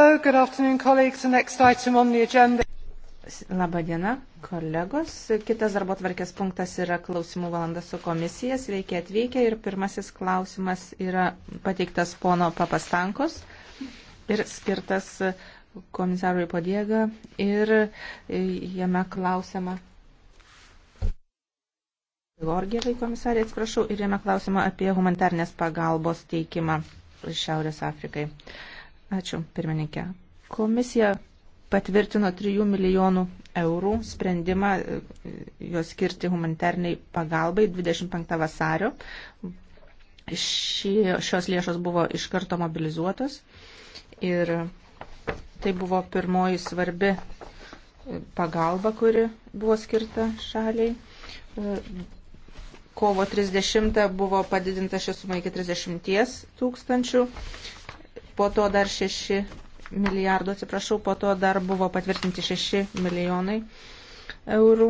So, good afternoon, colleagues. The next item on the agenda. Labadiena, kolegos. Kitas darbo tvarkės punktas yra klausimų valanda su komisija. Sveiki atvykę. Ir pirmasis klausimas yra pateiktas pono Papastankos ir skirtas komisarui Podiega. Ir jame klausiama. Georgievai komisarė, atsiprašau, ir jame klausimą apie humanitarnės pagalbos teikimą Šiaurės Afrikai. Uh, Ačiū, pirmininkė. Komisija patvirtino 3 milijonų eurų sprendimą e, juos skirti humanitarniai pagalbai 25 vasario. Ši, šios lėšos buvo iš karto mobilizuotos ir tai buvo pirmoji svarbi e, pagalba, kuri buvo skirta šaliai. E, kovo 30 buvo padidinta ši suma iki 30 tūkstančių po to dar 6 milijardo, atsiprašau, po to dar buvo patvirtinti 6 milijonai eurų,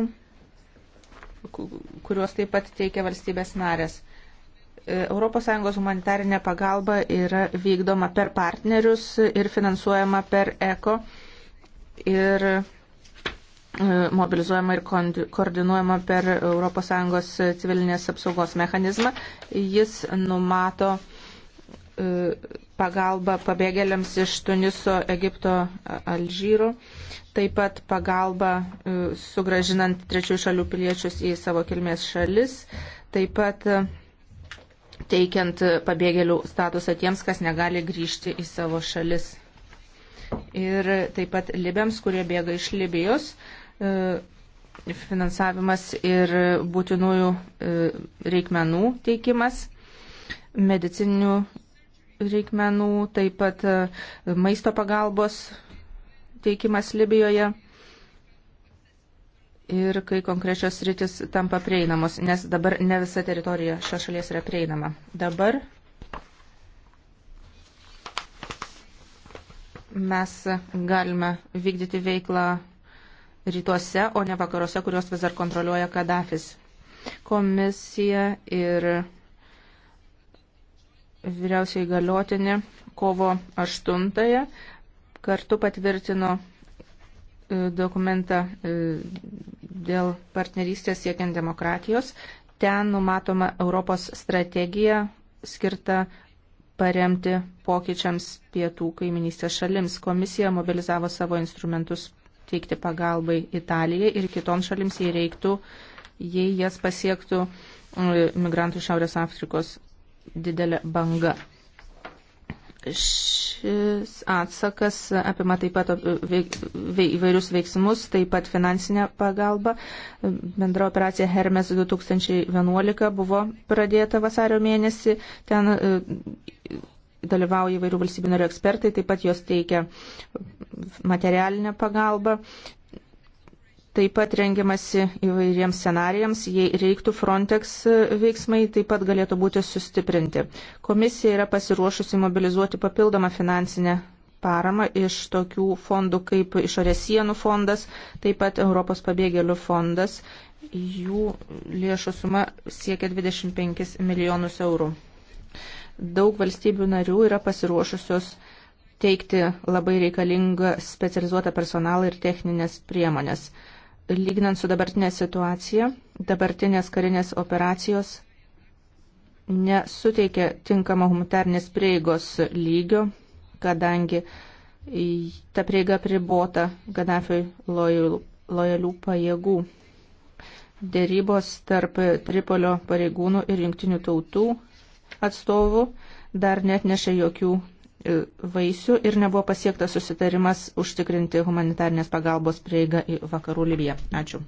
kuriuos taip pat teikia valstybės narės. ES humanitarinė pagalba yra vykdoma per partnerius ir finansuojama per ECO ir e, mobilizuojama ir koordinuojama per ES civilinės apsaugos mechanizmą. Jis numato E, pagalba pabėgėliams iš Tuniso, Egipto, Alžyro, taip pat pagalba e, sugražinant trečių šalių piliečius į savo kilmės šalis, taip pat e, teikiant pabėgėlių statusą tiems, kas negali grįžti į savo šalis. Ir taip pat libiams, kurie bėga iš Libijos, finansavimas ir būtinųjų reikmenų teikimas, medicininių reikmenų, taip pat e, maisto pagalbos teikimas Libijoje ir kai konkrečios rytis tampa prieinamos, nes dabar ne visa teritorija šios šalies yra prieinama. Dabar mes galime vykdyti veiklą rytuose, o ne vakaruose, kuriuos vis dar kontroliuoja Kadafis. Komisija ir vyriausiai galiotinė kovo 8 kartu patvirtino e, dokumentą e, dėl partnerystės siekiant demokratijos. Ten numatoma Europos strategija skirta paremti pokyčiams pietų kaiminystės šalims. Komisija mobilizavo savo instrumentus teikti pagalbai Italijai ir kitoms šalims, jei reiktų, jei jas pasiektų e, migrantų Šiaurės Afrikos didelė banga. Šis atsakas apima taip pat veik, veik, įvairius veiksmus, taip pat finansinę pagalbą. Bendra operacija Hermes 2011 buvo pradėta vasario mėnesį. Ten e, dalyvauja įvairių valstybių narių ekspertai, taip pat jos teikia materialinę pagalbą. Taip pat rengiamasi įvairiems scenarijams, jei reiktų Frontex veiksmai, taip pat galėtų būti sustiprinti. Komisija yra pasiruošusi mobilizuoti papildomą finansinę paramą iš tokių fondų kaip Išorės sienų fondas, taip pat Europos pabėgėlių fondas. Jų lėšų suma siekia 25 milijonus eurų. Daug valstybių narių yra pasiruošusios teikti labai reikalingą specializuotą personalą ir techninės priemonės lyginant su dabartinė situacija, dabartinės karinės operacijos nesuteikia tinkamo humanitarnės prieigos lygio, kadangi ta prieiga pribota Gaddafiui lojalių pajėgų. Dėrybos tarp Tripolio pareigūnų ir jungtinių tautų atstovų dar net neša jokių vaisių ir nebuvo pasiektas susitarimas užtikrinti humanitarnės pagalbos prieigą į vakarų Libiją. Ačiū.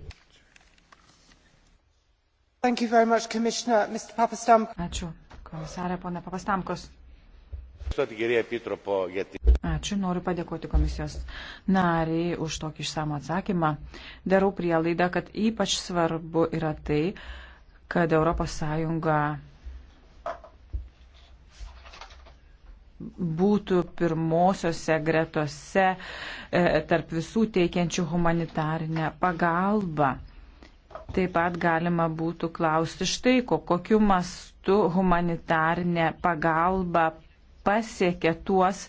Much, Ačiū. Komisarė, ponė Papastamkos. Ačiū, noriu padėkoti komisijos nariai už tokį išsamą atsakymą. Darau prielaidą, kad ypač svarbu yra tai, kad ES būtų pirmosiose gretose e, tarp visų teikiančių humanitarinę pagalbą. Taip pat galima būtų klausti štai, ko, kokiu mastu humanitarinė pagalba pasiekia tuos,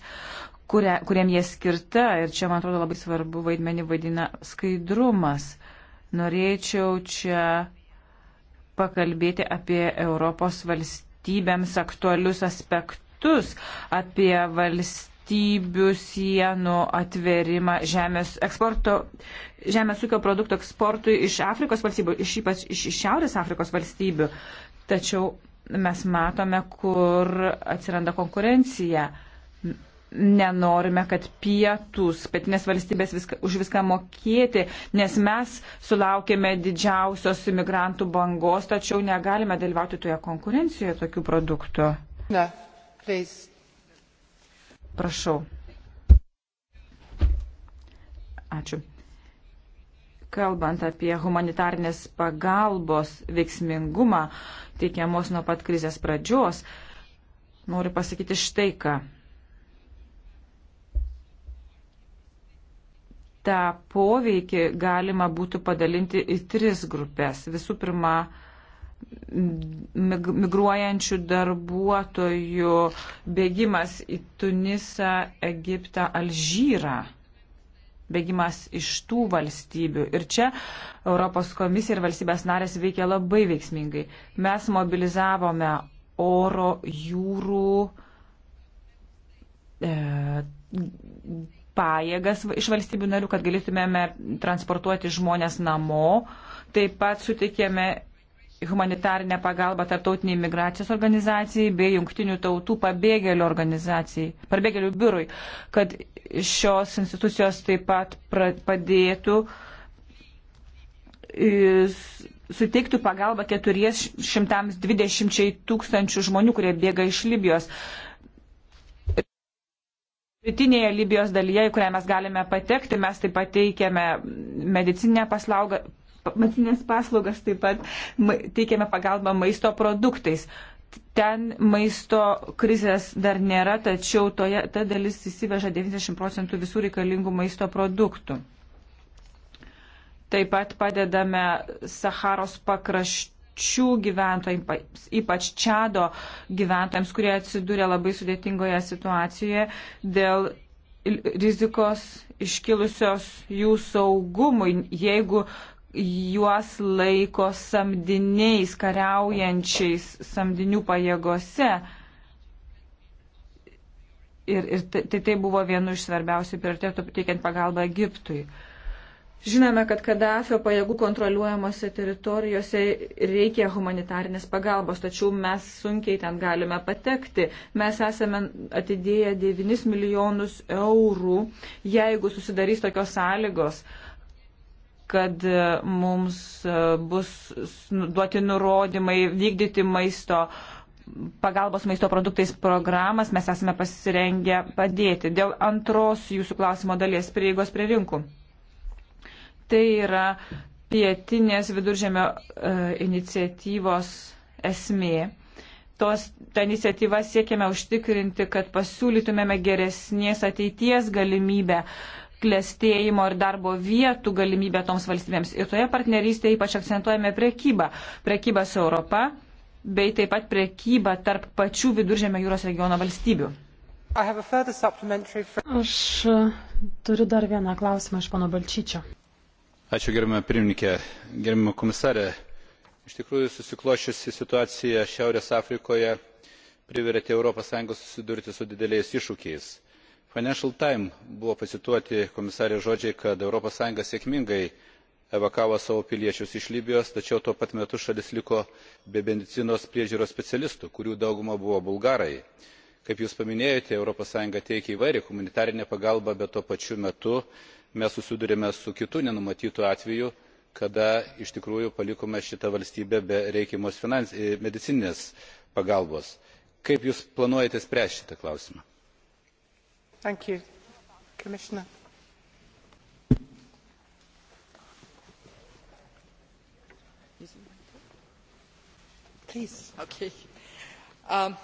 kuria, kuriem jie skirta. Ir čia, man atrodo, labai svarbu vaidmenį vaidina skaidrumas. Norėčiau čia pakalbėti apie Europos valstybėms aktualius aspektus faktus apie valstybių sienų atverimą žemės, eksporto, žemės ūkio produktų eksportui iš Afrikos valstybių, iš ypač iš Šiaurės Afrikos valstybių. Tačiau mes matome, kur atsiranda konkurencija. Nenorime, kad pietus, pietinės valstybės viską, už viską mokėti, nes mes sulaukėme didžiausios imigrantų bangos, tačiau negalime dalyvauti toje konkurencijoje tokių produktų. Ne. Please. Prašau. Ačiū. Kalbant apie humanitarnės pagalbos veiksmingumą, teikiamos nuo pat krizės pradžios, noriu pasakyti štai ką. tą poveikį galima būtų padalinti į tris grupės. Visų pirma, migruojančių darbuotojų bėgimas į Tunisą, Egiptą, Alžyrą. Bėgimas iš tų valstybių. Ir čia Europos komisija ir valstybės narės veikia labai veiksmingai. Mes mobilizavome oro, jūrų e, pajėgas iš valstybių narių, kad galėtumėme transportuoti žmonės namo. Taip pat sutikėme humanitarinę pagalbą tarptautiniai migracijos organizacijai bei jungtinių tautų pabėgėlių organizacijai, pabėgėlių biurui, kad šios institucijos taip pat padėtų suteiktų pagalbą 420 tūkstančių žmonių, kurie bėga iš Libijos. Rytinėje Libijos dalyje, į kurią mes galime patekti, mes taip pat teikiame medicinę paslaugą, matinės paslaugas, taip pat teikiame pagalbą maisto produktais. Ten maisto krizės dar nėra, tačiau toje, ta dalis įsiveža 90 procentų visų reikalingų maisto produktų. Taip pat padedame Saharos pakraščių gyventojams, ypač Čado gyventojams, kurie atsidūrė labai sudėtingoje situacijoje dėl rizikos iškilusios jų saugumui, jeigu juos laiko samdiniais, kariaujančiais samdinių pajėgose. Ir, ir tai, tai, tai buvo vienu iš svarbiausių prioritetų teikiant pagalbą Egiptui. Žinome, kad Kadafio pajėgų kontroliuojamose teritorijose reikia humanitarinės pagalbos, tačiau mes sunkiai ten galime patekti. Mes esame atidėję 9 milijonus eurų, jeigu susidarys tokios sąlygos. Uh, kad e, mums e, bus nu, duoti nurodymai vykdyti maisto pagalbos maisto produktais programas, mes esame pasirengę padėti. Dėl antros jūsų klausimo dalies prieigos prie rinkų. Tai yra pietinės viduržėmio e, iniciatyvos esmė. Tos, tą iniciatyvą siekiame užtikrinti, kad pasiūlytumėme geresnės ateities galimybę e, klėstėjimo ir darbo vietų galimybę toms valstybėms. Ir toje partnerystėje ypač akcentuojame prekybą. Prekybą su Europa bei taip pat prekybą tarp pačių viduržėmio jūros regiono valstybių. Aš uh, turiu dar vieną klausimą iš pono Balčyčio. Ačiū gerbime pirmininkė, gerbime komisarė. Iš tikrųjų susiklošiusi situacija Šiaurės Afrikoje privertė europos sąjungą susidurti su dideliais iššūkiais financial times buvo pacituoti komisarės žodžiai kad europos sąjunga sėkmingai evakavo savo piliečius iš libijos tačiau tuo pat metu šalis liko be medicinos priežiūros specialistų kurių dauguma buvo bulgarai. kaip jūs paminėjote europos sąjunga teikia įvairią humanitarinę pagalbą bet tuo pačiu metu mes susiduriame su kitu nenumatytu atveju kada iš tikrųjų palikome šitą valstybę be reikiamos e, medicininės pagalbos. kaip jūs planuojate spręsti šitą klausimą? You, okay. um,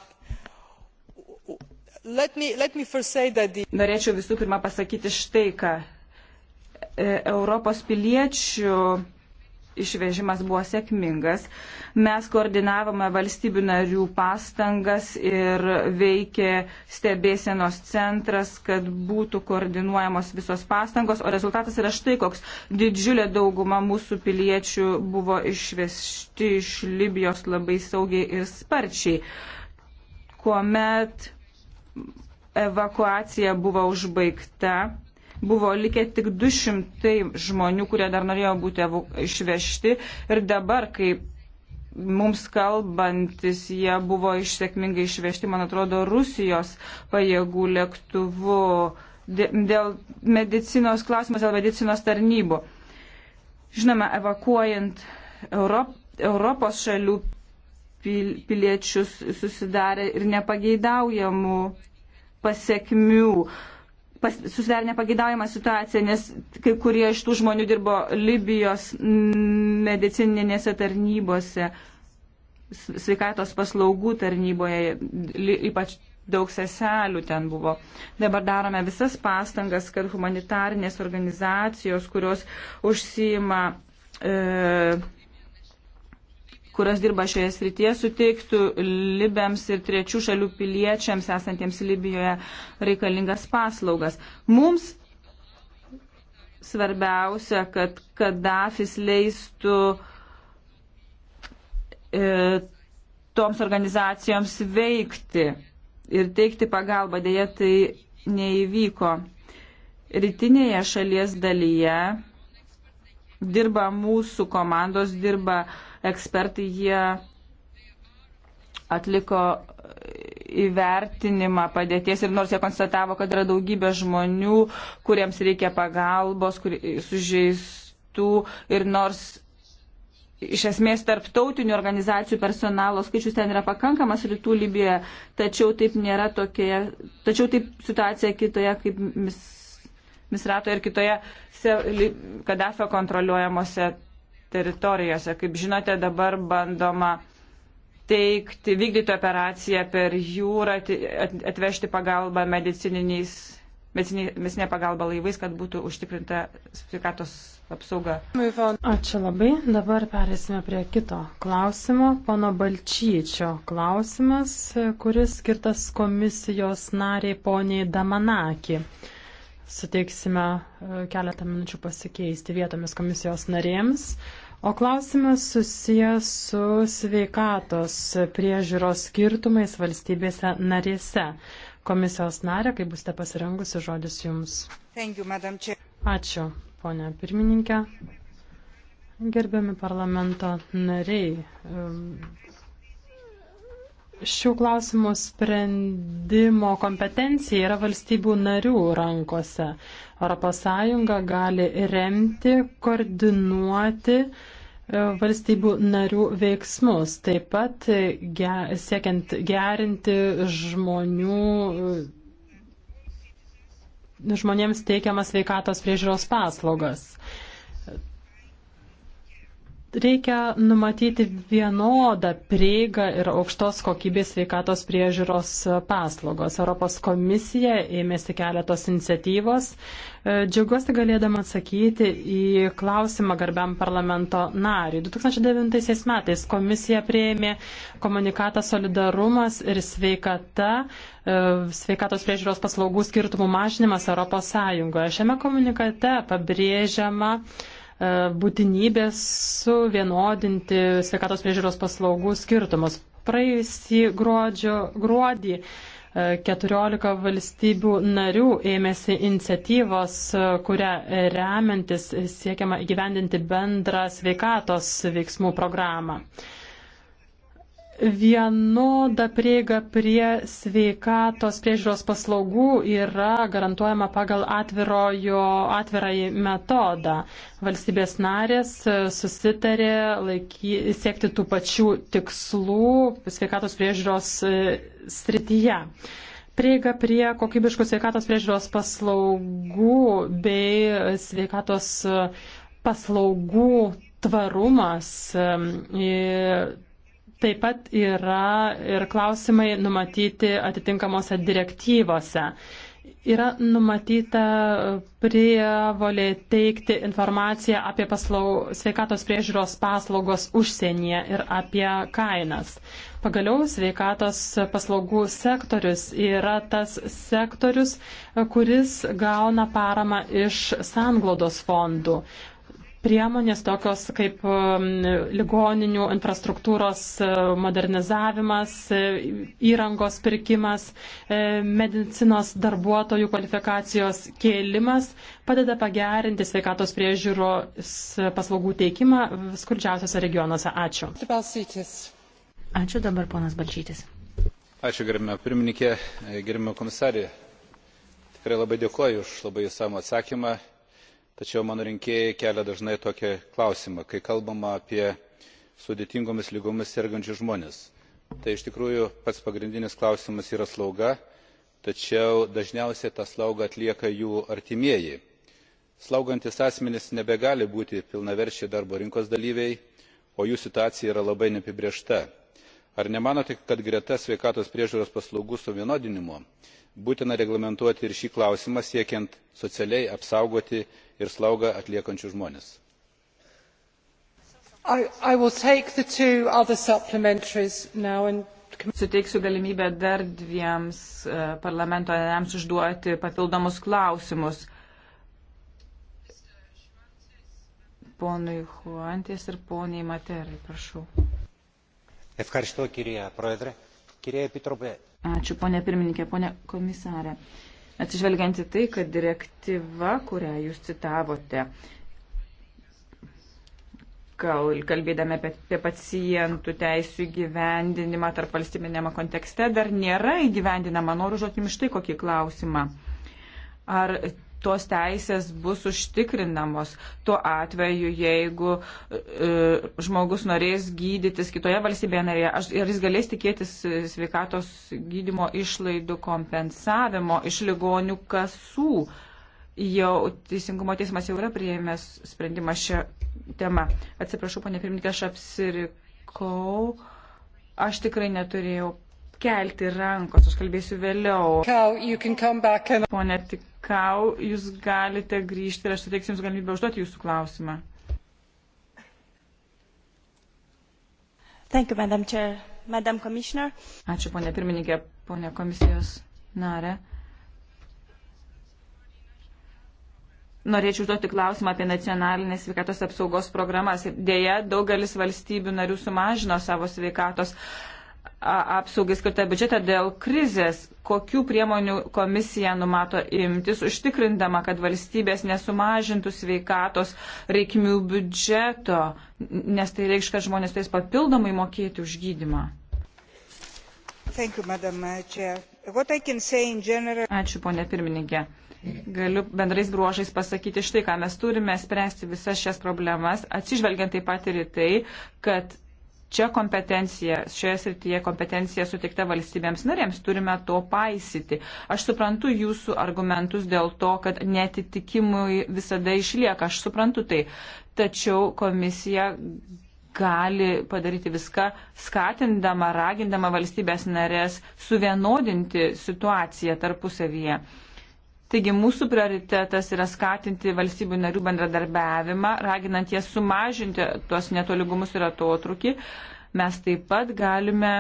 let me, let me the... Norėčiau visų pirma pasakyti štai ką. E, Europos piliečių išvežimas buvo sėkmingas. Mes koordinavome valstybių narių pastangas ir veikė stebėsienos centras, kad būtų koordinuojamos visos pastangos, o rezultatas yra štai koks. Didžiulė dauguma mūsų piliečių buvo išvežti iš Libijos labai saugiai ir sparčiai. Kuomet evakuacija buvo užbaigta, buvo likę tik 200 žmonių, kurie dar norėjo būti išvežti ir dabar, kai mums kalbantis, jie buvo išsėkmingai išvežti, man atrodo, Rusijos pajėgų lėktuvu dėl medicinos klausimas, dėl medicinos tarnybų. Žinoma, evakuojant Europ, Europos šalių pil, piliečius susidarė ir nepageidaujamų pasiekmių susidarė nepageidaujama situacija, nes kai kurie iš tų žmonių dirbo Libijos medicininėse tarnybose, sveikatos paslaugų tarnyboje, ypač daug seselių ten buvo. Dabar darome visas pastangas, kad humanitarnės organizacijos, kurios užsima e, kurios dirba šioje srityje, suteiktų Libiams ir trečių šalių piliečiams esantiems Libijoje reikalingas paslaugas. Mums svarbiausia, kad Kadafis leistų e, toms organizacijoms veikti ir teikti pagalbą. Deja, tai neįvyko. Rytinėje šalies dalyje dirba mūsų komandos, dirba uh, ekspertai, jie atliko įvertinimą padėties ir nors jie konstatavo, kad yra daugybė žmonių, kuriems reikia pagalbos, kur, sužeistų ir nors iš esmės tarptautinių organizacijų personalo skaičius ten yra pakankamas rytų Libijoje, tačiau taip nėra tokioje, tačiau taip situacija kitoje kaip mis, Misrato ir kitoje Kadafio kontroliuojamose teritorijose. Kaip žinote, dabar bandoma teikti, vykdyti operaciją per jūrą, atvežti pagalbą medicininiais, medicinė pagalba laivais, kad būtų užtikrinta sveikatos apsauga. Ačiū labai. Dabar perėsime prie kito klausimo. Pono Balčyčio klausimas, kuris skirtas komisijos nariai poniai Damanaki. Suteiksime e, keletą minučių pasikeisti vietomis komisijos narėms. O klausimas susijęs su sveikatos priežiūros skirtumais valstybėse narėse. Komisijos narė, kai būsite pasirengusi, žodis jums. You, Ačiū, ponia pirmininkė. Gerbiami parlamento nariai, šių klausimų sprendimo kompetencija yra valstybių narių rankose. ES gali remti, koordinuoti e, valstybių narių veiksmus, taip pat e, ge, siekiant gerinti žmonių, e, žmonėms teikiamas veikatos priežiūros paslaugas. Reikia numatyti vienodą prieigą ir aukštos kokybės sveikatos priežiūros paslaugos. Europos komisija ėmėsi keletos iniciatyvos. E, džiaugiuosi galėdama atsakyti į klausimą garbiam parlamento nariui. 2009 metais komisija prieėmė komunikatą solidarumas ir sveikata, e, sveikatos priežiūros paslaugų skirtumų mažinimas Europos Sąjungoje. Šiame komunikate pabrėžiama, E, būtinybės suvienodinti sveikatos priežiūros paslaugų skirtumus. Praėjusį gruodžio, gruodį 14 e, valstybių narių ėmėsi iniciatyvos, e, kurią remiantis siekiama įgyvendinti bendrą sveikatos veiksmų programą. Vienoda prieiga prie sveikatos priežiūros paslaugų yra garantuojama pagal atvirojo, atvirąjį metodą. Valstybės narės e, susitarė laiky, siekti tų pačių tikslų sveikatos priežiūros e, srityje prieiga prie kokybiškų sveikatos priežiūros paslaugų bei sveikatos e, paslaugų tvarumas Taip pat yra ir klausimai numatyti atitinkamose direktyvose. Yra numatyta prievolė teikti informaciją apie paslau, sveikatos priežiūros paslaugos užsienyje ir apie kainas. Pagaliau sveikatos paslaugų sektorius yra tas sektorius, kuris gauna paramą iš sanglodos fondų priemonės tokios kaip um, ligoninių infrastruktūros e, modernizavimas, e, įrangos pirkimas, e, medicinos darbuotojų kvalifikacijos kėlimas padeda pagerinti sveikatos priežiūros paslaugų teikimą skurdžiausiose regionuose. Ačiū. Ačiū dabar ponas Balčytis. Ačiū gerbime pirmininkė, gerbime komisarė. Tikrai labai dėkoju už labai įsamų atsakymą tačiau mano rinkėjai kelia dažnai tokį klausimą kai kalbama apie sudėtingomis ligomis sergančius žmones tai iš tikrųjų pats pagrindinis klausimas yra slauga tačiau dažniausiai tą slaugą atlieka jų artimieji. slaugantys asmenys nebegali būti pilnaverčiai darbo rinkos dalyviai o jų situacija yra labai neapibrėžta. ar nemanote kad greta sveikatos priežiūros paslaugų suvienodinimo būtina reglamentuoti ir šį klausimą siekiant socialiai apsaugoti ir slaugą atliekančius žmones. Suteiksiu galimybę dar dviems e, parlamento nariams užduoti papildomus klausimus. Ponui Huantis ir poniai Materai, prašau. Ευχαριστώ κυρία Πρόεδρε. Κυρία Επίτροπε, Ačiū, ponė pirmininkė, ponė komisarė. Atsižvelgiant į tai, kad direktyva, kurią jūs citavote, kalbėdami apie, apie pacientų teisų įgyvendinimą tarp valstybinėme kontekste, dar nėra įgyvendinama. Noriu žodžiu jums štai kokį klausimą. Ar tos teisės bus užtikrinamos tuo atveju, jeigu e, žmogus norės gydytis kitoje valstybėje narėje, ar jis galės tikėtis sveikatos gydymo išlaidų kompensavimo iš ligonių kasų. Jau Teisingumo teismas jau yra prieėmęs sprendimą šią temą. Atsiprašau, ponė pirmininkė, aš apsirikau. Aš tikrai neturėjau kelti rankos, aš kalbėsiu vėliau. Cal, and... Pone, tik Kau, jūs galite grįžti ir aš suteiksiu Jums galimybę užduoti Jūsų klausimą. Thank you, Madam Chair. Madam Commissioner. Ačiū, ponė pirmininkė, ponė komisijos narė. Norėčiau užduoti klausimą apie nacionalinės sveikatos apsaugos programas. Deja, daugelis valstybių narių sumažino savo sveikatos apsaugai skirtą biudžetą dėl krizės, kokių priemonių komisija numato imtis, užtikrindama, kad valstybės nesumažintų sveikatos reikmių biudžeto, nes tai reikš, kad žmonės turės papildomai mokėti už gydimą. Uh, general... Ačiū, ponė pirmininkė. Galiu bendrais bruožais pasakyti štai, ką mes turime spręsti visas šias problemas, atsižvelgiant taip pat ir į tai, kad čia kompetencija, šioje srityje kompetencija sutikta valstybėms narėms, turime to paisyti. Aš suprantu jūsų argumentus dėl to, kad netitikimui visada išlieka, aš suprantu tai. Tačiau komisija gali padaryti viską, skatindama, ragindama valstybės narės suvienodinti situaciją tarpusavyje. Taigi mūsų prioritetas yra skatinti valstybių narių bendradarbiavimą, raginant jas sumažinti tuos netoligumus ir atotrukį. Mes taip pat galime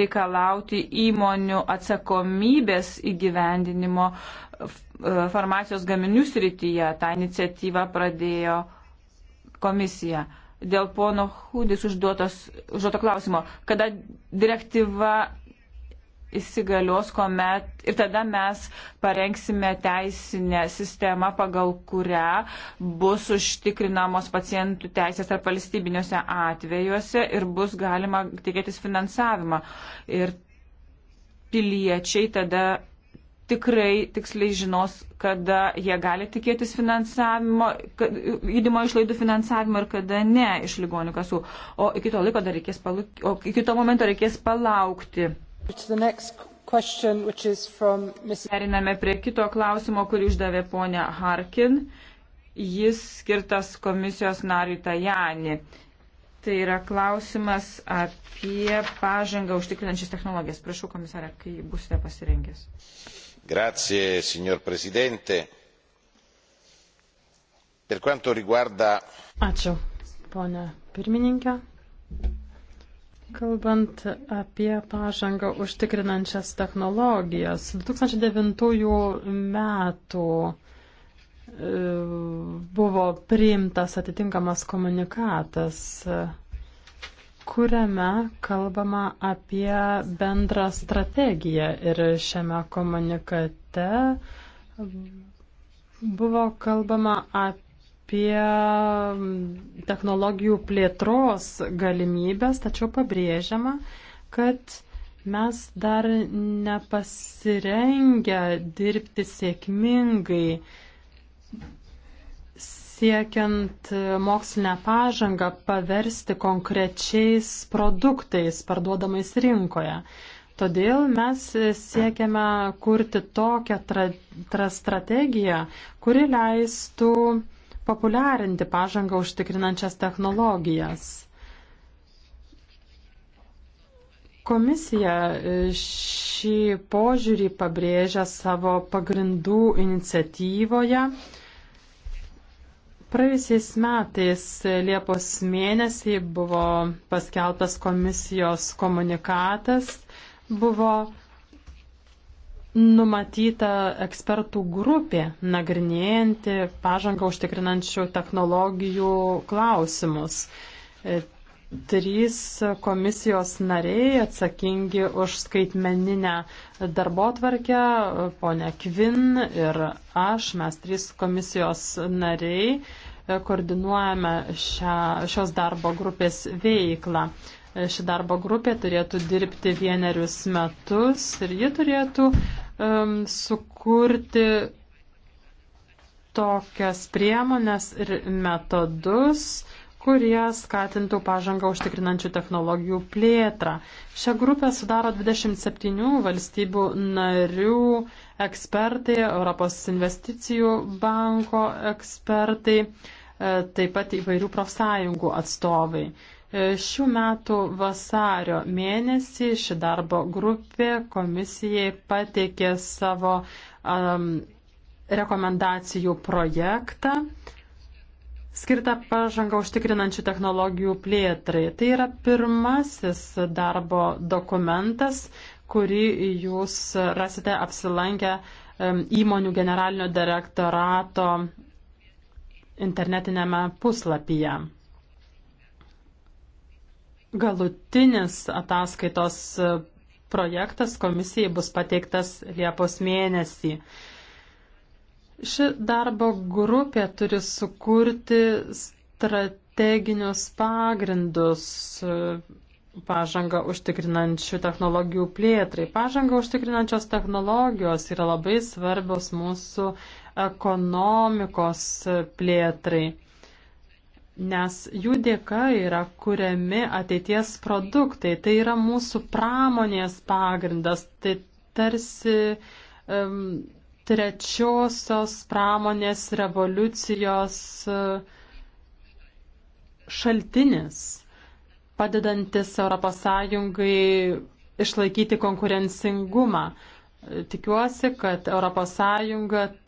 reikalauti įmonių atsakomybės įgyvendinimo e, farmacijos gaminių srityje. Ta iniciatyva pradėjo komisija. Dėl pono Hudis užduoto klausimo, kada direktyva įsigalios, kuomet ir tada mes parengsime teisinę sistemą, pagal kurią bus užtikrinamos pacientų teisės ar valstybiniuose atvejuose ir bus galima tikėtis finansavimą. Ir piliečiai tada tikrai tiksliai žinos, kada jie gali tikėtis finansavimo, gydymo išlaidų finansavimo ir kada ne iš ligonių kasų. O iki to laiko dar reikės, palauk, o iki to momento reikės palaukti. Periname prie kito klausimo, kurį uždavė ponia Harkin. Jis skirtas komisijos nariui Tajani. Tai yra klausimas apie pažangą užtikrinančias technologijas. Prašau, komisarė, kai būsite pasirengęs. Grazie, signor Presidente. Per quanto riguarda. Ačiū, ponia pirmininkė. Kalbant apie pažangą užtikrinančias technologijas, 2009 metų e, buvo priimtas atitinkamas komunikatas, e, kuriame kalbama apie bendrą strategiją ir šiame komunikate buvo kalbama apie apie technologijų plėtros galimybės, tačiau pabrėžiama, kad mes dar nepasirengę dirbti sėkmingai siekiant mokslinę pažangą paversti konkrečiais produktais parduodamais rinkoje. Todėl mes siekiame kurti tokią tra, tra strategiją, kuri leistų uh, populiarinti pažangą užtikrinančias technologijas. Komisija e, šį požiūrį pabrėžia savo pagrindų iniciatyvoje. Praėjusiais metais e, Liepos mėnesį buvo paskeltas komisijos komunikatas, buvo numatyta ekspertų grupė nagrinėjanti pažangą užtikrinančių technologijų klausimus. E, trys komisijos nariai atsakingi už skaitmeninę darbo tvarkę, ponia Kvin ir aš, mes trys komisijos nariai, e, koordinuojame šią, šios darbo grupės veiklą e, ši darbo grupė turėtų dirbti vienerius metus ir ji turėtų um, sukurti tokias priemonės ir metodus, kurie skatintų pažangą užtikrinančių technologijų plėtrą. Šią grupę sudaro 27 valstybių narių ekspertai, Europos investicijų banko ekspertai, e, taip pat įvairių profsąjungų atstovai. E, šių metų vasario mėnesį ši darbo grupė komisijai pateikė savo um, rekomendacijų projektą skirtą pažangą užtikrinančių technologijų plėtrai. Tai yra pirmasis darbo dokumentas, kurį jūs rasite apsilankę um, įmonių generalinio direktorato internetinėme puslapyje. Galutinis ataskaitos e, projektas komisijai bus pateiktas Liepos mėnesį. Ši darbo grupė turi sukurti strateginius pagrindus e, pažangą užtikrinančių technologijų plėtrai. Pažangą užtikrinančios technologijos yra labai svarbios mūsų ekonomikos e, plėtrai nes jų dėka yra kuriami ateities produktai, tai yra mūsų pramonės pagrindas, tai tarsi um, trečiosios pramonės revoliucijos e, šaltinis, padedantis ES išlaikyti konkurencingumą. E, tikiuosi, kad ES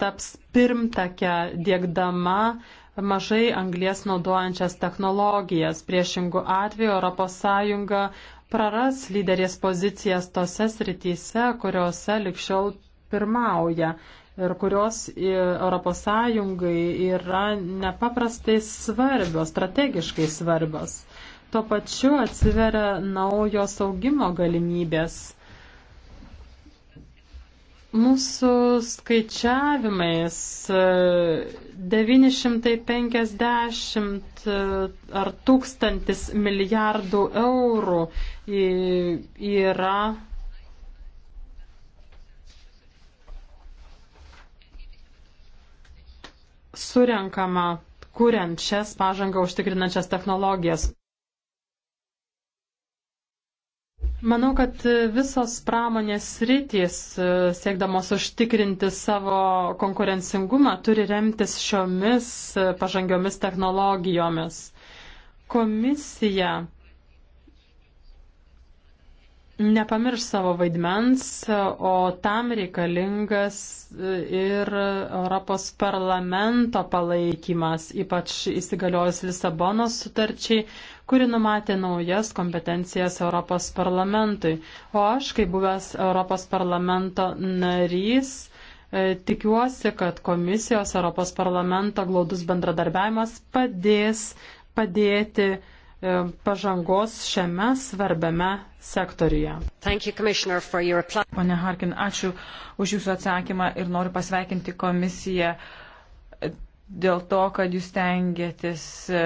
taps pirmtakę dėkdama uh, mažai anglies naudojančias technologijas. Priešingų atveju ES praras lyderės pozicijas tose srityse, kuriuose likščiau pirmauja ir kurios ES yra nepaprastai svarbios, strategiškai svarbios. Tuo pačiu atsiveria naujos augimo galimybės Mūsų skaičiavimais 950 e, e, ar 1000 milijardų eurų yra surenkama kuriant šias pažangą užtikrinančias technologijas. Manau, kad visos pramonės rytys, e, siekdamos užtikrinti savo konkurencingumą, turi remtis šiomis e, pažangiomis technologijomis. Komisija nepamirš savo vaidmens, o tam reikalingas ir Europos parlamento palaikymas, ypač įsigaliojus Lisabonos sutarčiai, kuri numatė naujas kompetencijas Europos parlamentui. O aš, kaip buvęs Europos parlamento narys, e, Tikiuosi, kad komisijos Europos parlamento glaudus bendradarbiavimas padės padėti uh, E, pažangos šiame svarbiame sektoriuje. You, Pane Harkin, ačiū už Jūsų atsakymą ir noriu pasveikinti komisiją e, dėl to, kad Jūs tengiatės e,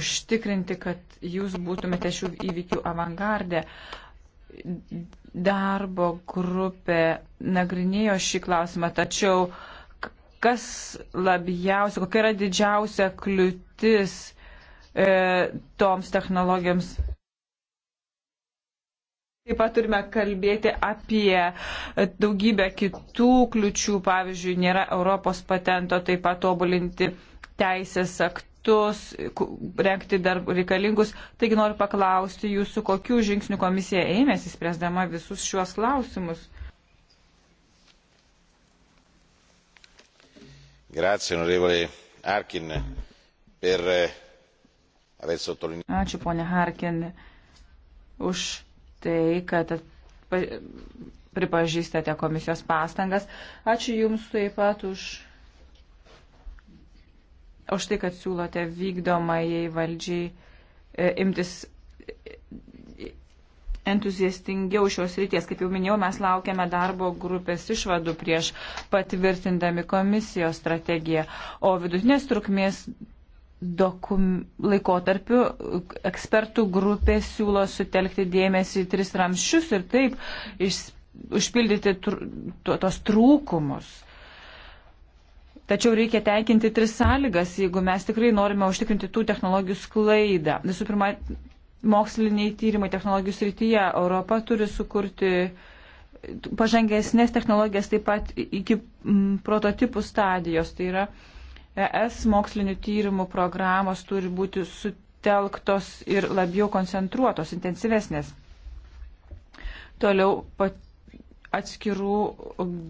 užtikrinti, kad Jūs būtumėte šių įvykių avangardė darbo grupė nagrinėjo šį klausimą, tačiau kas labiausia, kokia yra didžiausia kliūtis e, toms technologijoms. Taip pat turime kalbėti apie daugybę kitų kliučių, pavyzdžiui, nėra Europos patento, taip pat tobulinti teisės aktus, renkti dar reikalingus. Taigi noriu paklausti jūsų, kokių žingsnių komisija ėmėsi, spręsdama visus šiuos klausimus. Grazie, onorevole Arkin, per Ačiū, ponė Harkin, už tai, kad pripažįstate komisijos pastangas. Ačiū Jums taip pat už, už tai, kad siūlote vykdomai valdžiai e, imtis e, entuziastingiau šios ryties. Kaip jau minėjau, mes laukiame darbo grupės išvadų prieš patvirtindami komisijos strategiją, o vidutinės trukmės dokum, laikotarpiu ekspertų grupė siūlo sutelkti dėmesį į tris ramščius ir taip iš, užpildyti tr, to, tos trūkumus. Tačiau reikia tenkinti tris sąlygas, jeigu mes tikrai norime užtikrinti tų technologijų sklaidą. Visų pirma, moksliniai tyrimai technologijų srityje Europa turi sukurti pažangesnės technologijas taip pat iki prototipų stadijos. Tai yra, uh, ES mokslinių tyrimų programos turi būti sutelktos ir labiau koncentruotos, intensyvesnės. Toliau atskirų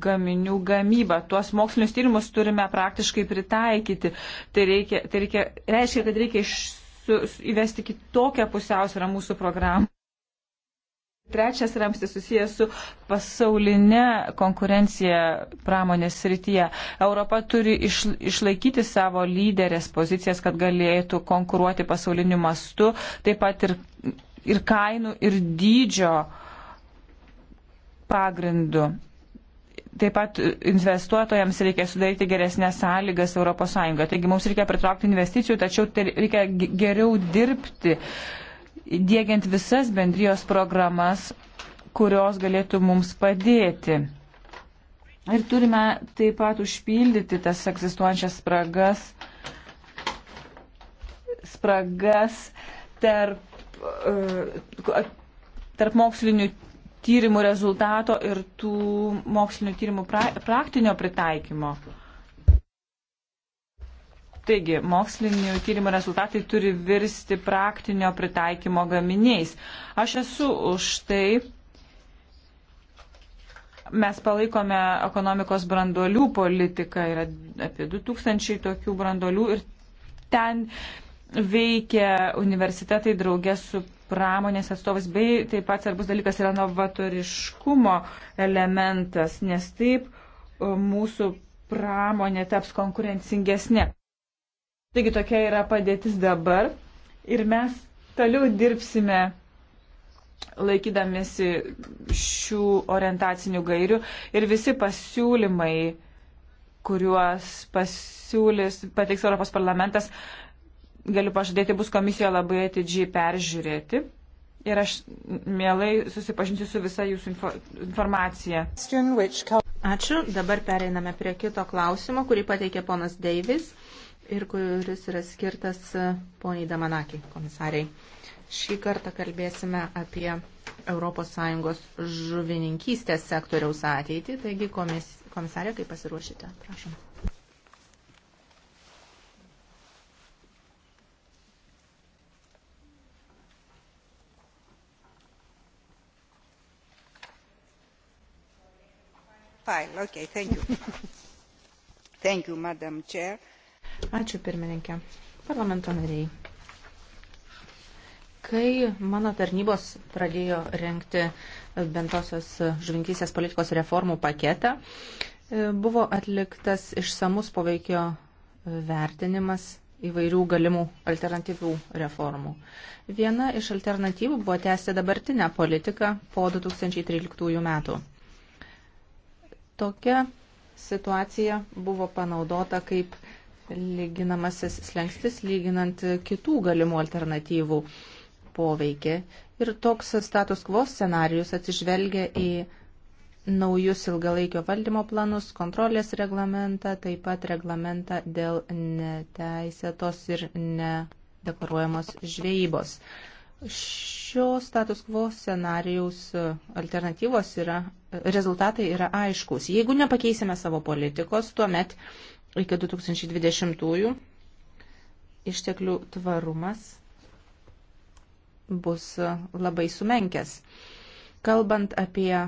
gaminių gamybą. Tuos mokslinius tyrimus turime praktiškai pritaikyti. Tai, reikia, tai reikia, reiškia, kad reikia iš, su, įvesti kitokią pusiausvyrą mūsų programą. Trečias ramstis susijęs su pasaulinė konkurencija pramonės srityje. Europa turi iš, išlaikyti savo lyderės pozicijas, kad galėtų konkuruoti pasauliniu mastu, taip pat ir, ir kainų, ir dydžio pagrindu. Taip pat investuotojams reikia sudaryti geresnės sąlygas ES. Taigi mums reikia pritraukti investicijų, tačiau reikia geriau dirbti. Uh, dėgiant visas bendrijos programas, kurios galėtų mums padėti. Ir turime taip pat užpildyti tas egzistuojančias spragas, spragas tarp, e, tarp mokslinių tyrimų rezultato ir tų mokslinių tyrimų pra, praktinio pritaikymo. Taigi, mokslinių tyrimų rezultatai turi virsti praktinio pritaikymo gaminiais. Aš esu už tai. Mes palaikome ekonomikos branduolių politiką, yra apie 2000 tokių branduolių ir ten veikia universitetai draugė su pramonės atstovas, bei taip pat svarbus dalykas yra novatoriškumo elementas, nes taip e, mūsų pramonė taps konkurencingesnė. Taigi tokia yra padėtis dabar ir mes toliau dirbsime laikydamėsi šių orientacinių gairių ir visi pasiūlymai, kuriuos pasiūlys, pateiks Europos parlamentas, galiu pažadėti, bus komisijoje labai atidžiai peržiūrėti. Ir aš mielai susipažinsiu su visa jūsų info, informacija. Ačiū. Dabar pereiname prie kito klausimo, kurį pateikė ponas Deivis ir kuris yra skirtas poniai Damanakiai, komisariai. Šį kartą kalbėsime apie ES žuvininkystės sektoriaus ateitį. Taigi, komis, komisarė, kaip pasiruošite? Prašom. Fine. Okay, thank you. thank you, Madam Chair. Ačiū pirmininkė. Parlamento nariai. Kai mano tarnybos pradėjo renkti bentosios žuvinkysės politikos reformų paketą, buvo atliktas išsamus poveikio vertinimas įvairių galimų alternatyvių reformų. Viena iš alternatyvų buvo tęsti dabartinę politiką po 2013 metų. Tokia situacija buvo panaudota kaip lyginamasis slengstis, lyginant kitų galimų alternatyvų poveikį. Ir toks status quo scenarius atsižvelgia į naujus ilgalaikio valdymo planus, kontrolės reglamentą, taip pat reglamentą dėl neteisėtos ir nedeklaruojamos žvejybos. Šio status quo scenarijaus alternatyvos yra, rezultatai yra aiškus. Jeigu nepakeisime savo politikos, tuomet met iki 2020-ųjų išteklių tvarumas bus labai sumenkęs. Kalbant apie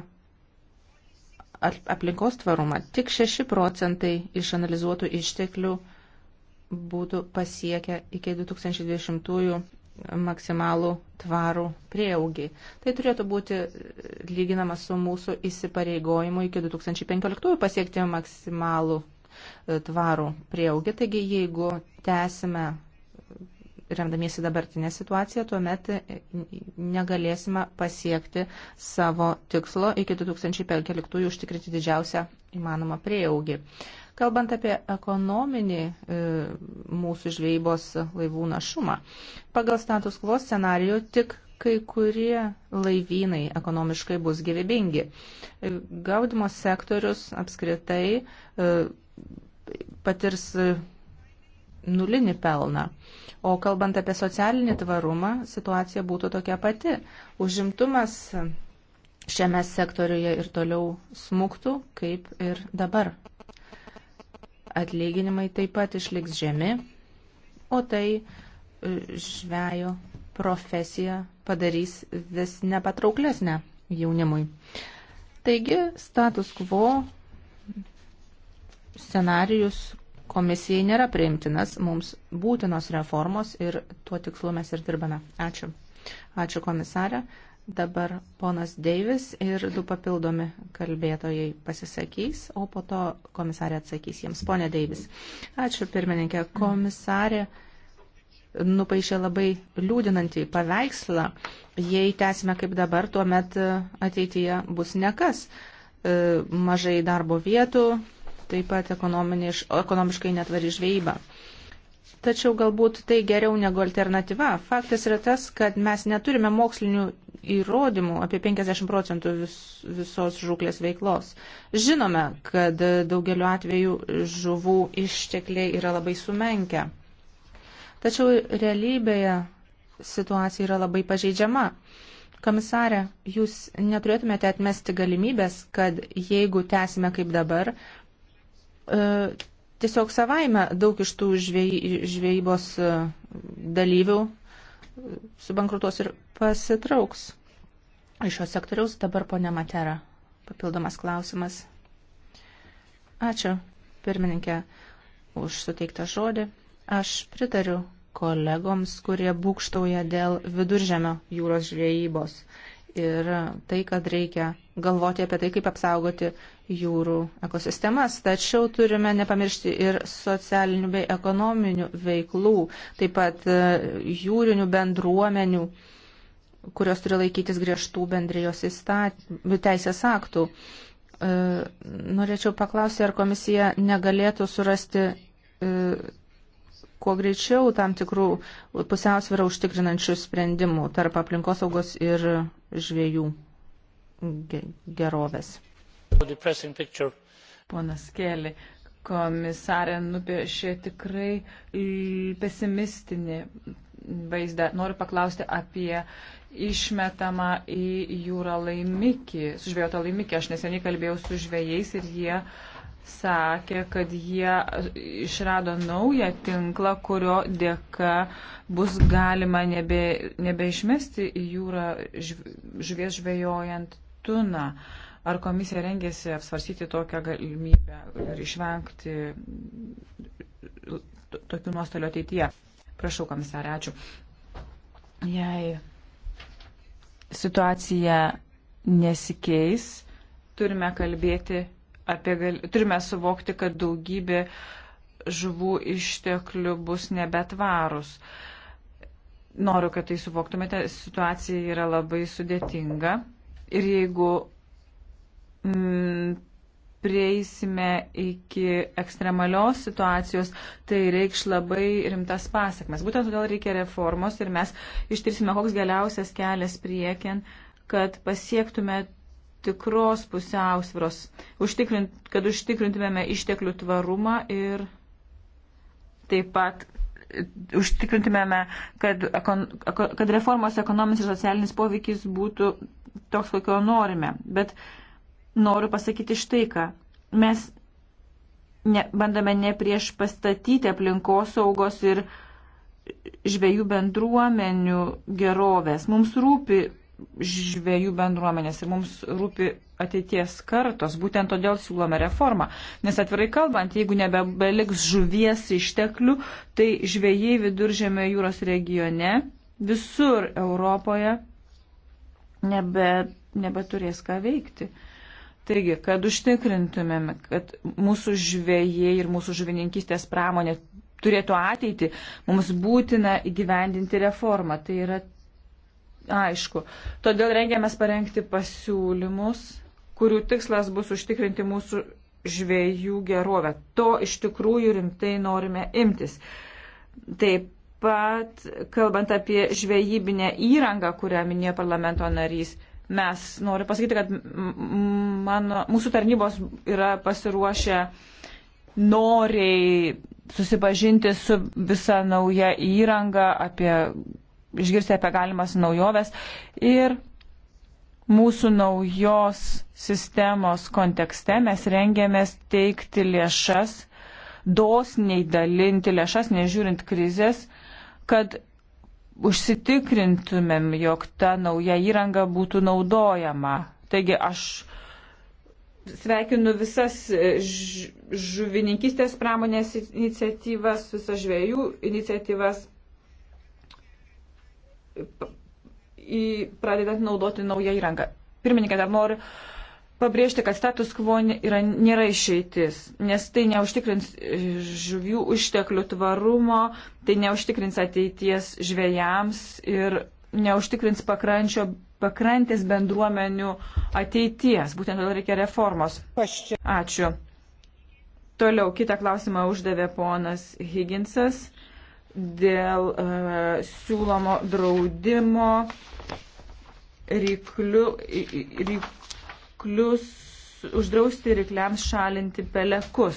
aplinkos tvarumą, tik 6 procentai išanalizuotų išteklių būtų pasiekę iki 2020-ųjų maksimalų tvarų prieaugį. Tai turėtų būti lyginama su mūsų įsipareigojimu iki 2015 pasiekti maksimalų E, tvarų prieaugį. Taigi, jeigu tęsime remdamiesi dabartinę situaciją, tuomet e, negalėsime pasiekti savo tikslo iki 2015 užtikrinti didžiausią įmanomą prieaugį. Kalbant apie ekonominį e, mūsų žvejybos laivų našumą, pagal status quo scenarijų tik kai kurie laivynai ekonomiškai bus gyvybingi. Gaudimo sektorius apskritai patirs nulinį pelną. O kalbant apie socialinį tvarumą, situacija būtų tokia pati. Užimtumas šiame sektoriuje ir toliau smuktų, kaip ir dabar. Atlyginimai taip pat išliks žemi, o tai e, žvejo profesiją padarys vis nepatrauklesnę jaunimui. Taigi, status quo scenarijus komisijai nėra priimtinas, mums būtinos reformos ir tuo tikslu mes ir dirbame. Ačiū. Ačiū komisarė. Dabar ponas Deivis ir du papildomi kalbėtojai pasisakys, o po to komisarė atsakys jiems. Pone Deivis. Ačiū pirmininkė. Komisarė nupaišė labai liūdinantį paveikslą. Jei tęsime kaip dabar, tuomet ateityje bus nekas. E, mažai darbo vietų, taip pat ekonomiškai netvari žvejyba. Tačiau galbūt tai geriau negu alternatyva. Faktas yra tas, kad mes neturime mokslinių įrodymų apie 50 procentų vis, visos žūklės veiklos. Žinome, kad daugeliu atveju žuvų ištekliai yra labai sumenkę. Tačiau realybėje situacija yra labai pažeidžiama. Komisarė, jūs neturėtumėte atmesti galimybės, kad jeigu tęsime kaip dabar, E, tiesiog savaime daug iš tų žvejybos e, dalyvių e, subankrutuos ir pasitrauks iš šio sektoriaus. Dabar ponia Matera, papildomas klausimas. Ačiū, pirmininkė, už suteiktą žodį. Aš pritariu kolegoms, kurie būkštauja dėl viduržemio jūros žvejybos ir tai, kad reikia galvoti apie tai, kaip apsaugoti jūrų ekosistemas. Tačiau turime nepamiršti ir socialinių bei ekonominių veiklų, taip pat e, jūrinių bendruomenių, kurios turi laikytis griežtų bendrijos įstatymų, teisės aktų. E, norėčiau paklausti, ar komisija negalėtų surasti e, kuo greičiau tam tikrų pusiausvyrą užtikrinančių sprendimų tarp aplinkosaugos ir žviejų gerovės. Ponas Keli, komisarė nupiešė tikrai pesimistinį vaizdą. Noriu paklausti apie išmetamą į jūrą laimikį, sužvėjotą laimikį. Aš neseniai kalbėjau su žvėjais ir jie sakė, kad jie išrado naują tinklą, kurio dėka bus galima nebe, nebeišmesti į jūrą žvies žvėjojant tuną. Uh, Ar komisija rengėsi apsvarsyti tokią galimybę ir išvengti tokių nuostolių ateityje? Prašau, komisarė, ačiū. Jei situacija nesikeis, turime kalbėti apie, gal... turime suvokti, kad daugybė žuvų išteklių bus nebetvarus. Noriu, kad tai suvoktumėte, situacija yra labai sudėtinga ir jeigu mm, prieisime iki ekstremalios situacijos, tai reikš labai rimtas pasiekmes. Būtent todėl reikia reformos ir mes ištirsime, koks geriausias kelias priekin, kad pasiektume tikros pusiausvros, užtikrint, kad užtikrintumėme išteklių tvarumą ir taip pat e, užtikrintumėme, kad, kad reformos ekonominis ir socialinis poveikis būtų toks, kokio norime. Bet uh, noriu pasakyti štai ką. Mes ne, bandome ne prieš pastatyti aplinkosaugos ir žvėjų bendruomenių gerovės. Mums rūpi žvėjų bendruomenės ir mums rūpi ateities kartos. Būtent todėl siūlome reformą. Nes atvirai kalbant, jeigu nebeliks žuvies išteklių, tai žvėjai viduržėmio jūros regione visur Europoje nebe, nebeturės ką veikti. Uh, Taigi, kad užtikrintumėme, kad mūsų žvėjai ir mūsų žuvininkystės pramonė turėtų ateitį, mums būtina įgyvendinti reformą. Tai yra aišku. Todėl rengiamės parengti pasiūlymus, kurių tikslas bus užtikrinti mūsų žvėjų gerovę. To iš tikrųjų rimtai norime imtis. Taip pat, kalbant apie žvėjybinę įrangą, kurią minėjo parlamento narys, Mes noriu pasakyti, kad mano, mūsų tarnybos yra pasiruošę noriai susipažinti su visa nauja įranga, apie, išgirsti apie galimas naujoves ir mūsų naujos sistemos kontekste mes rengiamės teikti lėšas, dosniai dalinti lėšas, nežiūrint krizės, kad užsitikrintumėm, jog ta nauja įranga būtų naudojama. Taigi aš sveikinu visas e, žuvininkistės pramonės iniciatyvas, visas žvėjų iniciatyvas, pradedant naudoti naują įrangą. Pirmininkė, dar noriu pabrėžti, kad status quo yra, nėra išeitis, nes tai neužtikrins e, žuvių išteklių tvarumo, tai neužtikrins ateities žvėjams ir neužtikrins pakrančio, pakrantės bendruomenių ateities. Būtent todėl reikia reformos. Ačiū. Toliau kitą klausimą uždavė ponas Higginsas dėl uh, siūlomo draudimo ryklių. Ryk, ryklius, uždrausti rykliams šalinti pelekus.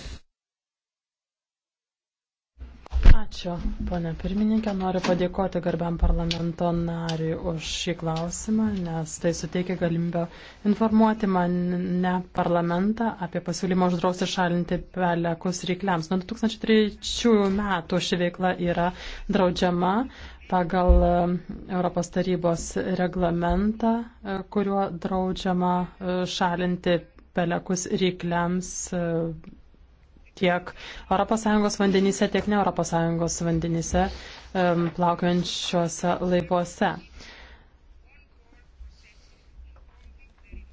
Ačiū, ponė pirmininkė. Noriu padėkoti garbiam parlamento nariui už šį klausimą, nes tai suteikia galimybę informuoti mane parlamentą apie pasiūlymą uždrausti šalinti pelekus rykliams. Nuo 2003 metų ši veikla yra draudžiama pagal e, Europos tarybos reglamentą, e, kuriuo draudžiama e, šalinti pelekus rykliams tiek ES vandenyse, tiek ne ES vandenyse plaukiančiuose laivuose.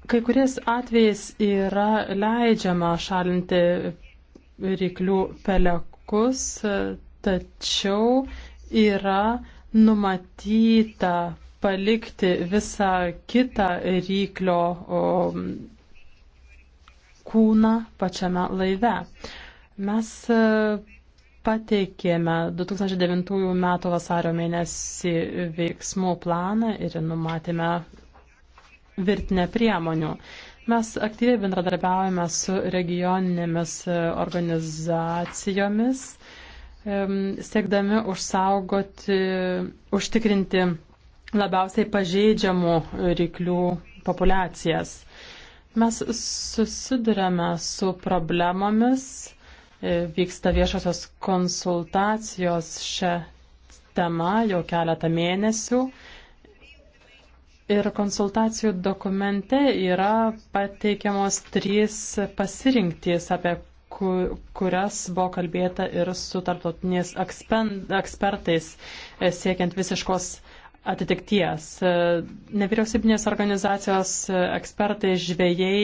Kai kuriais atvejais yra leidžiama šalinti ryklių pelekus, tačiau yra numatyta palikti visą kitą ryklio kūną pačiame laive. Mes e, pateikėme 2009 m. vasario mėnesį veiksmų planą ir numatėme virtinę priemonių. Mes aktyviai bendradarbiaujame su regioninėmis e, organizacijomis siekdami užsaugoti, užtikrinti labiausiai pažeidžiamų ryklių populiacijas. Mes susidurėme su problemomis, e, vyksta viešosios konsultacijos šią temą jau keletą mėnesių. Ir konsultacijų dokumente yra pateikiamos trys pasirinktys, apie kurias buvo kalbėta ir su tarptautiniais ekspertais e, siekiant visiškos atitikties. E, nevyriausybinės organizacijos e, ekspertai, žvėjai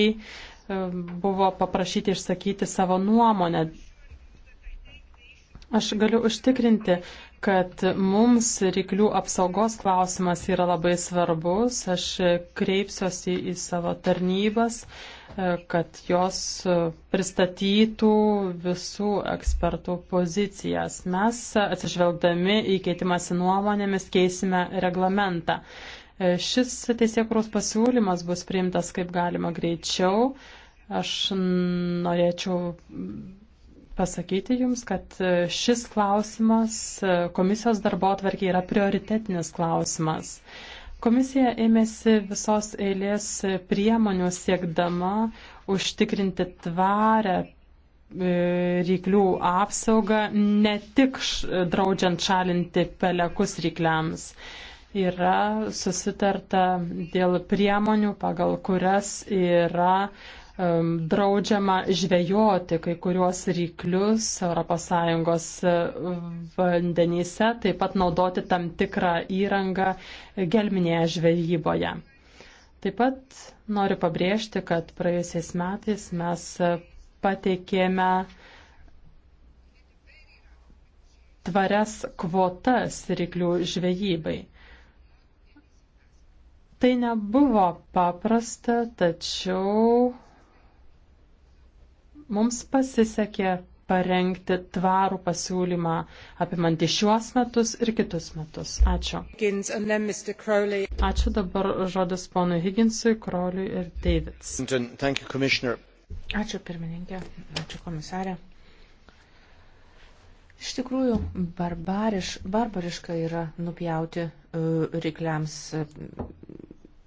buvo paprašyti išsakyti savo nuomonę. Aš galiu užtikrinti, kad mums ryklių apsaugos klausimas yra labai svarbus. Aš kreipsiuosi į savo tarnybas, kad jos pristatytų visų ekspertų pozicijas. Mes atsižvelgdami į keitimąsi nuomonėmis keisime reglamentą. Šis teisėkuros pasiūlymas bus priimtas kaip galima greičiau. Aš norėčiau pasakyti Jums, kad šis klausimas komisijos darbo atvarkiai yra prioritetinis klausimas. Komisija ėmėsi visos eilės priemonių siekdama užtikrinti tvarę e, ryklių apsaugą, ne tik draudžiant šalinti pelekus rykliams. Yra susitarta dėl priemonių, pagal kurias yra uh, draudžiama žvejoti kai kuriuos ryklius ES e, vandenyse, taip pat naudoti tam tikrą įrangą gelminėje žvejyboje. Taip pat noriu pabrėžti, kad praėjusiais metais mes pateikėme tvarias kvotas ryklių žvejybai. Tai nebuvo paprasta, tačiau Mums pasisekė parengti tvarų pasiūlymą apimantį šiuos metus ir kitus metus. Ačiū. Ačiū dabar žodis ponui Higginsui, Kroliui ir Davids. Ačiū pirmininkė, ačiū komisarė. Iš tikrųjų, barbariš, barbariška yra nupjauti uh, rykliams uh,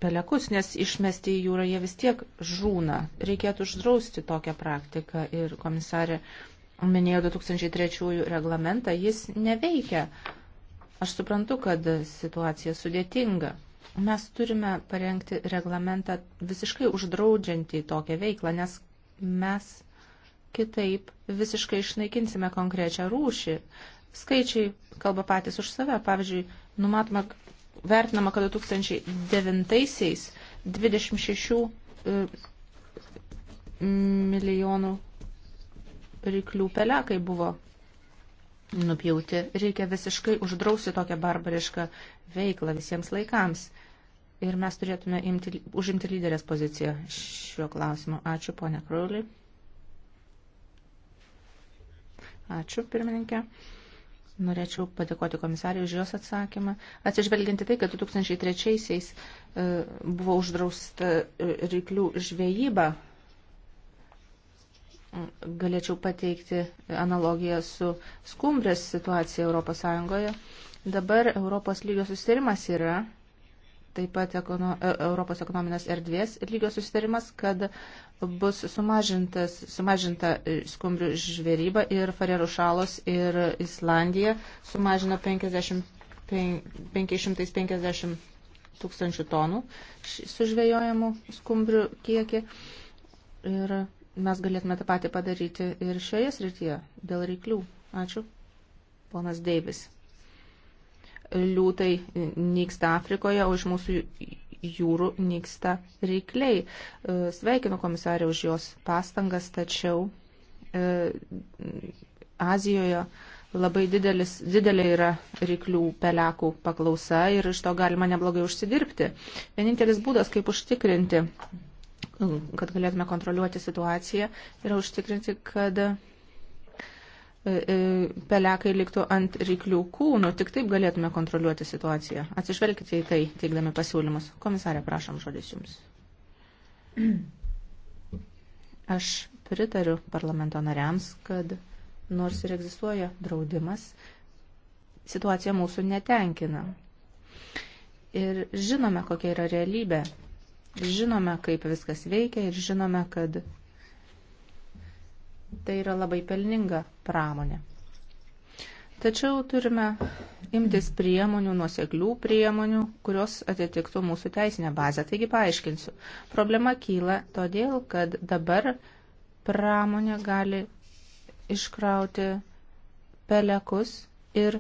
pelekus, nes išmesti į jūrą jie vis tiek žūna. Reikėtų uždrausti tokią praktiką ir komisarė minėjo 2003 reglamentą, jis neveikia. Aš suprantu, kad situacija sudėtinga. Mes turime parengti reglamentą visiškai uždraudžiantį tokią veiklą, nes mes kitaip visiškai išnaikinsime konkrečią rūšį. Skaičiai kalba patys už save. Pavyzdžiui, numatoma vertinama, kad 2009-aisiais 26 e, milijonų ryklių pelekai buvo nupjauti. Reikia visiškai uždrausti tokią barbarišką veiklą visiems laikams. Ir mes turėtume imti, užimti lyderės poziciją šiuo klausimu. Ačiū, ponia Krauli. Ačiū, pirmininkė. Norėčiau padėkoti komisariai už jos atsakymą. Atsižvelginti tai, kad 2003-aisiais e, buvo uždrausta ryklių žvejyba, galėčiau pateikti analogiją su skumbrės situacija ES. Dabar Europos lygio susitarimas yra taip pat ekono, e, Europos ekonominės erdvės lygio susitarimas, kad bus sumažinta e, skumbrių žvėryba ir Farerų šalos ir Islandija sumažino 50, 550 tūkstančių tonų sužvėjojamų skumbrių kiekį. Ir mes galėtume tą patį padaryti ir šioje srityje dėl reiklių. Ačiū. Ponas Deivis liūtai nyksta Afrikoje, o iš mūsų jūrų nyksta reikliai. E, sveikinu komisarę už jos pastangas, tačiau e, Azijoje labai didelis, didelė yra ryklių pelekų paklausa ir iš to galima neblogai užsidirbti. Vienintelis būdas, kaip užtikrinti, kad galėtume kontroliuoti situaciją, yra užtikrinti, kad E, e, pelekai liktų ant ryklių kūnų, tik taip galėtume kontroliuoti situaciją. Atsižvelkite į tai, teikdami pasiūlymus. Komisarė, prašom žodis jums. Aš pritariu parlamento nariams, kad nors ir egzistuoja draudimas, situacija mūsų netenkina. Ir žinome, kokia yra realybė. Žinome, kaip viskas veikia ir žinome, kad Tai yra labai pelninga pramonė. Tačiau turime imtis priemonių, nuoseklių priemonių, kurios atitiktų mūsų teisinę bazę. Taigi paaiškinsiu. Problema kyla todėl, kad dabar pramonė gali iškrauti pelekus ir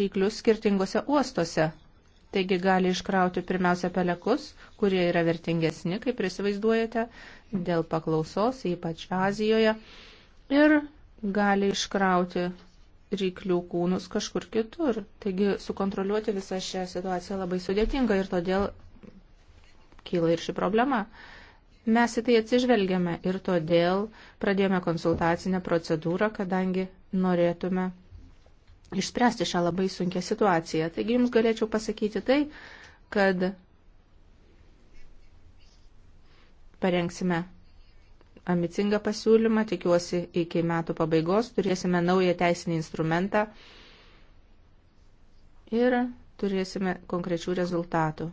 ryklius skirtingose uostose. Taigi gali iškrauti pirmiausia pelekus, kurie yra vertingesni, kaip prisivaizduojate, dėl paklausos, ypač Azijoje ir gali iškrauti ryklių kūnus kažkur kitur. Taigi sukontroliuoti visą šią situaciją labai sudėtinga ir todėl kyla ir ši problema. Mes į tai atsižvelgėme ir todėl pradėjome konsultacinę procedūrą, kadangi norėtume išspręsti šią labai sunkę situaciją. Taigi jums galėčiau pasakyti tai, kad parengsime ambicingą pasiūlymą. Tikiuosi, iki metų pabaigos turėsime naują teisinį instrumentą ir turėsime konkrečių rezultatų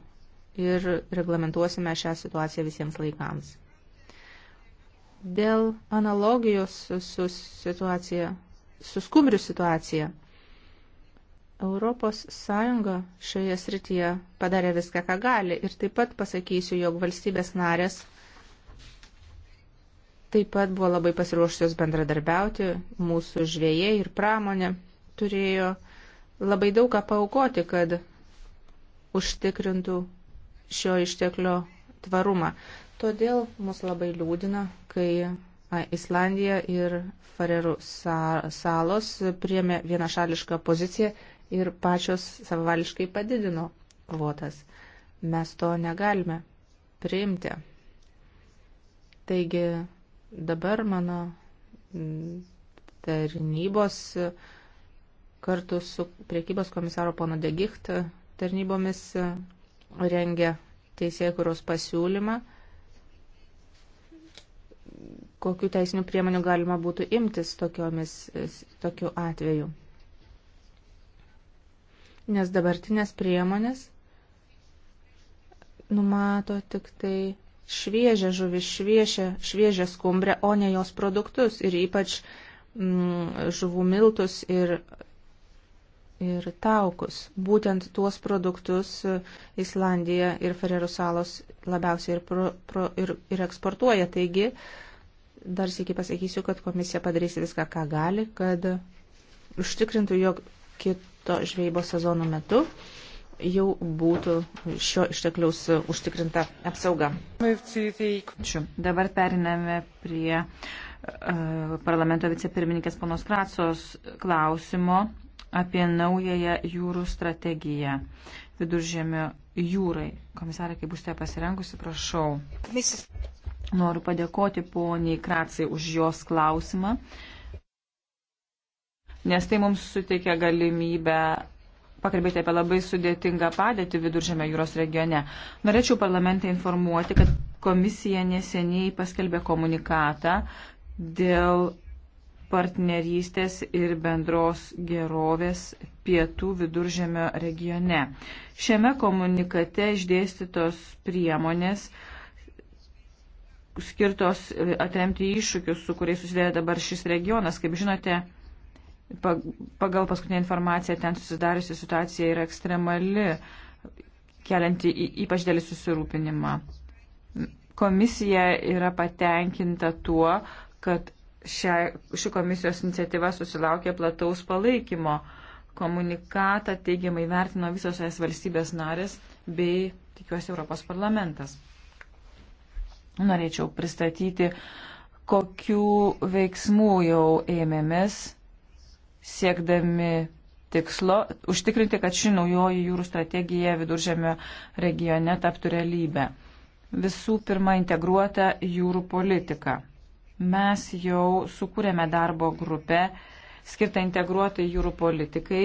ir reglamentuosime šią situaciją visiems laikams. Dėl analogijos su situacija, su skumbrių situacija, Europos Sąjunga šioje srityje padarė viską, ką gali ir taip pat pasakysiu, jog valstybės narės taip pat buvo labai pasiruošusios bendradarbiauti, mūsų žvėjai ir pramonė turėjo labai daug ką paukoti, kad užtikrintų šio išteklio tvarumą. Todėl mus labai liūdina, kai Islandija ir Farerų salos priemė vienašališką poziciją ir pačios savavališkai padidino kvotas. Mes to negalime priimti. Taigi Dabar mano mm, tarnybos kartu su priekybos komisaro pono Degicht tarnybomis e, rengia teisėkuros pasiūlymą, kokiu teisiniu priemoniu galima būtų imtis tokiomis, e, tokiu atveju. Nes dabartinės priemonės numato tik tai šviežią žuvį, šviežią, šviežią skumbrę, o ne jos produktus ir ypač mm, žuvų miltus ir, ir taukus. Būtent tuos produktus e, Islandija ir Ferrero salos labiausiai ir, pro, pro, ir, ir eksportuoja. Taigi, dar sėki pasakysiu, kad komisija padarys viską, ką gali, kad užtikrintų, jog kito žvejybos sezono metu jau būtų šio ištekliaus užtikrinta apsauga. Ačiū. Dabar periname prie uh, parlamento vicepirmininkės ponos Kratsos klausimo apie naująją jūrų strategiją viduržėmio jūrai. Komisarė, kai būsite pasirengusi, prašau. Noriu padėkoti poniai Kratsai už jos klausimą, nes tai mums suteikia galimybę pakalbėti apie labai sudėtingą padėtį Viduržėme jūros regione. Norėčiau parlamentą informuoti, kad komisija neseniai paskelbė komunikatą dėl partnerystės ir bendros gerovės pietų viduržėmio regione. Šiame komunikate išdėstytos priemonės skirtos atremti iššūkius, su kuriais susidėjo dabar šis regionas. Kaip žinote, Pagal paskutinę informaciją ten susidariusi situacija yra ekstremali, kelianti ypač dėlį susirūpinimą. Komisija yra patenkinta tuo, kad šia, ši komisijos iniciatyva susilaukė plataus palaikymo. Komunikatą teigiamai vertino visos es valstybės narės bei, tikiuosi, Europos parlamentas. Norėčiau pristatyti, kokių veiksmų jau ėmėmės siekdami tikslo užtikrinti, kad ši naujoji jūrų strategija viduržėmio regione taptų realybę. Visų pirma, integruota jūrų politika. Mes jau sukūrėme darbo grupę skirtą integruotai jūrų politikai,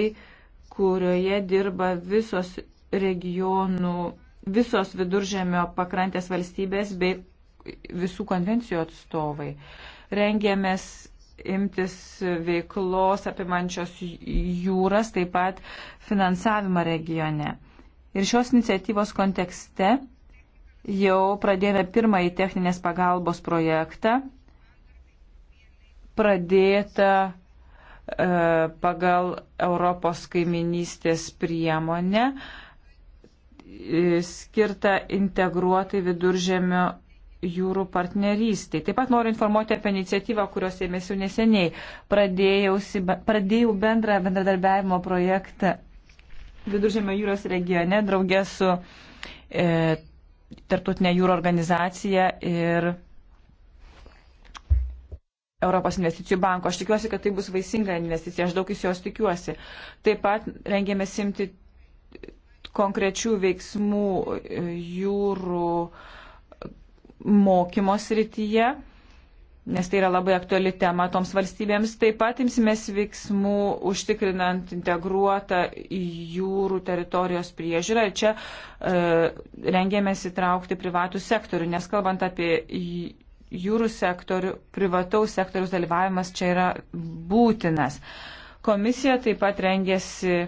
kurioje dirba visos regionų, visos viduržėmio pakrantės valstybės bei visų konvencijų atstovai. Rengėmės imtis veiklos apimančios jūras, taip pat finansavimą regione. Ir šios iniciatyvos kontekste jau pradėjome pirmąjį techninės pagalbos projektą, pradėta e, pagal Europos kaiminystės priemonę, e, skirta integruotai viduržėmio jūrų partnerystiai. Taip pat noriu informuoti apie iniciatyvą, kurios ėmėsiu neseniai. Pradėjau, pradėjau bendrą bendradarbiavimo projektą Viduržėmio jūros regione draugė su e, Tartutinė jūro organizacija ir Europos investicijų banko. Aš tikiuosi, kad tai bus vaisinga investicija, aš daug iš jos tikiuosi. Taip pat rengėme simti konkrečių veiksmų e, jūrų e, mokymo srityje, nes tai yra labai aktuali tema toms valstybėms. Taip pat imsimės veiksmų užtikrinant integruotą jūrų teritorijos priežiūrą. Ir čia e, rengėmės įtraukti privatų sektorių, nes kalbant apie jūrų sektorių, privataus sektoriaus dalyvavimas čia yra būtinas. Komisija taip pat rengėsi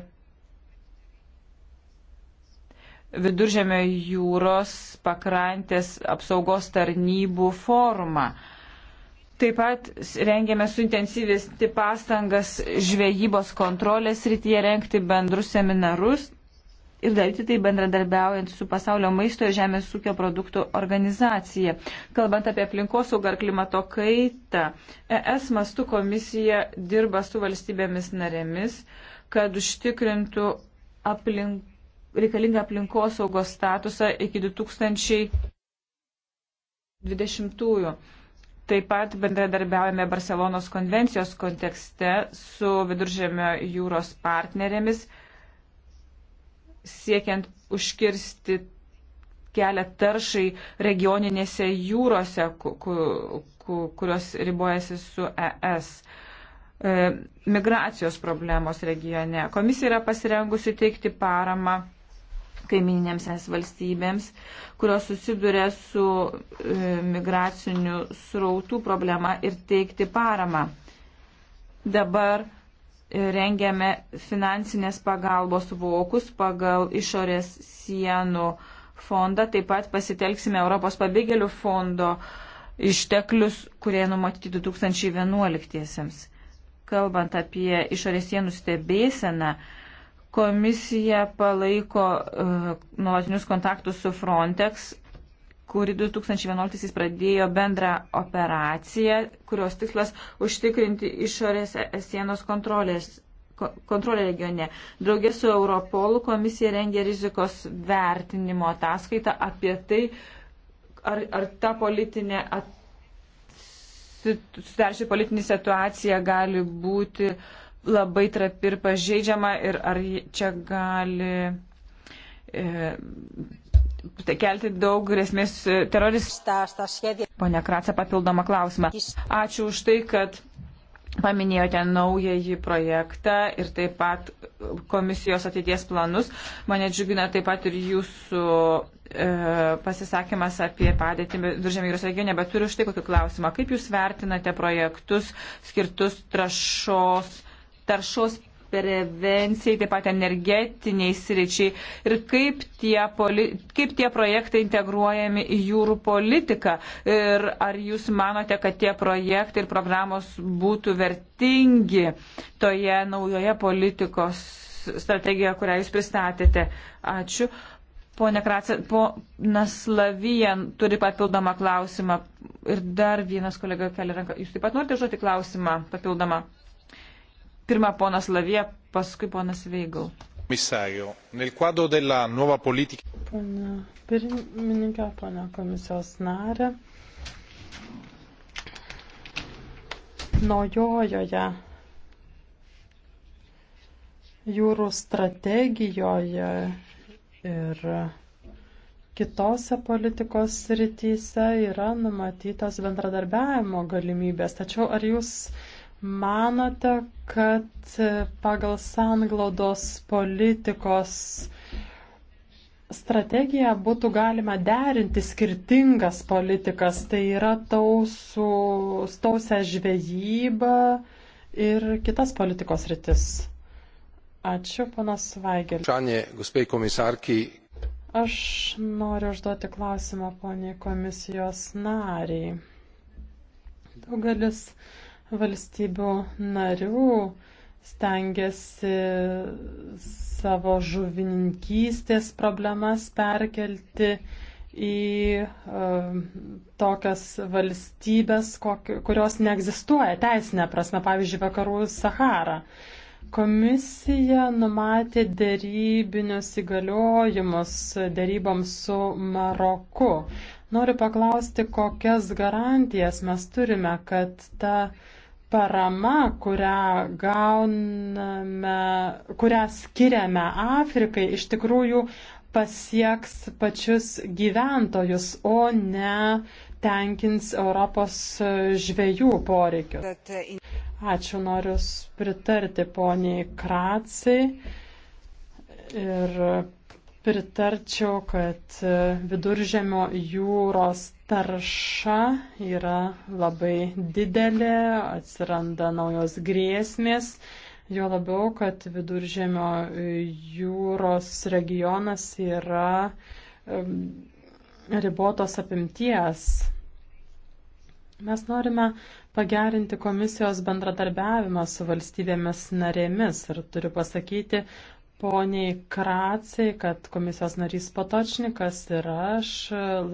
viduržėmio jūros pakrantės apsaugos tarnybų forumą. Taip pat rengėme suintensyvisti pastangas žvejybos kontrolės rytyje renkti bendrus seminarus ir daryti tai bendradarbiaujant su pasaulio maisto ir žemės ūkio produktų organizacija. Kalbant apie aplinkosaugą ar klimato kaitą, ES mastų komisija dirba su valstybėmis narėmis, kad užtikrintų aplink reikalingą aplinkosaugos statusą iki 2020-ųjų. Taip pat bendradarbiaujame Barcelonos konvencijos kontekste su viduržėmio jūros partnerėmis, siekiant užkirsti kelią taršai regioninėse jūrose, kurios ribojasi su ES e, migracijos problemos regione. Komisija yra pasirengusi teikti paramą kaimininėms es valstybėms, kurios susiduria su e, migracinių srautų problema ir teikti paramą. Dabar e, rengiame finansinės pagalbos vokus pagal išorės sienų fondą, taip pat pasitelksime Europos pabėgėlių fondo išteklius, kurie numatyti 2011. -iesiams. Kalbant apie išorės sienų stebėseną, Komisija palaiko uh, nuolatinius kontaktus su Frontex, kuri 2011 pradėjo bendrą operaciją, kurios tikslas užtikrinti išorės e, e, sienos kontrolės kontrolė regione. Draugė su Europolu komisija rengia rizikos vertinimo ataskaitą apie tai, ar, ar ta politinė at, sudarši politinė situacija gali būti uh, labai trapi ir pažeidžiama ir ar čia gali e, tai kelti daug grėsmės e, teroristas. Pone Kratsa, papildomą klausimą. Ačiū už tai, kad paminėjote naująjį projektą ir taip pat komisijos ateities planus. Mane džiugina taip pat ir jūsų e, pasisakymas apie padėtį Viržėmė jūros regione, bet turiu štai kokį klausimą. Kaip jūs vertinate projektus skirtus trašos taršos prevencijai, taip pat energetiniai sričiai ir kaip tie, poli, kaip tie projektai integruojami į jūrų politiką. Ir ar jūs manote, kad tie projektai ir programos būtų vertingi toje naujoje politikos strategijoje, kurią jūs pristatėte? Ačiū. Pone Kratse, ponas Lavijan turi papildomą klausimą ir dar vienas kolega kelia ranką. Jūs taip pat norite žodį klausimą papildomą? Pirma ponas Lavie, paskui ponas Veigal. Komisario, nel quadro della nuova politica. Pana pirmininkė, pana komisijos narė. Naujojoje jūrų strategijoje ir kitose politikos srityse yra numatytos bendradarbiavimo galimybės. Tačiau ar jūs manote, kad pagal sanglaudos politikos strategiją būtų galima derinti skirtingas politikas, tai yra tausų, tausią žvejybą ir kitas politikos rytis. Ačiū, panas Vaigelis. Aš noriu užduoti klausimą poniai komisijos nariai. Daugelis uh, valstybių narių stengiasi savo žuvininkystės problemas perkelti į uh, tokias valstybės, kokio, kurios neegzistuoja teisinė prasme, pavyzdžiui, vakarų Sahara. Komisija numatė dėrybinius įgaliojimus dėryboms su Maroku. Noriu paklausti, kokias garantijas mes turime, kad ta uh, parama, kurią gauname, kurią skiriame Afrikai, iš tikrųjų pasieks pačius gyventojus, o ne tenkins Europos žvėjų poreikius. Ačiū, noriu pritarti poniai Kracijai ir pritarčiau, kad viduržėmio jūros tarša yra labai didelė, atsiranda naujos grėsmės, jo labiau, kad viduržėmio jūros regionas yra ribotos apimties. Mes norime pagerinti komisijos bendradarbiavimą su valstybėmis narėmis ir turiu pasakyti, poniai Kracijai, kad komisijos narys Patočnikas ir aš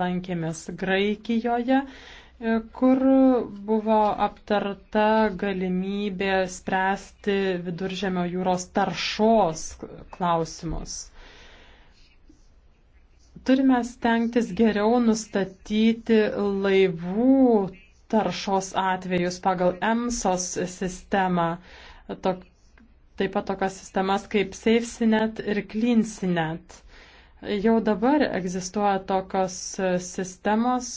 lankėmės Graikijoje, kur buvo aptarta galimybė spręsti viduržėmio jūros taršos klausimus. Turime stengtis geriau nustatyti laivų taršos atvejus pagal EMSOS sistemą. Tok taip pat tokias sistemas kaip SafeSynet ir CleanSynet. Jau dabar egzistuoja tokios sistemos,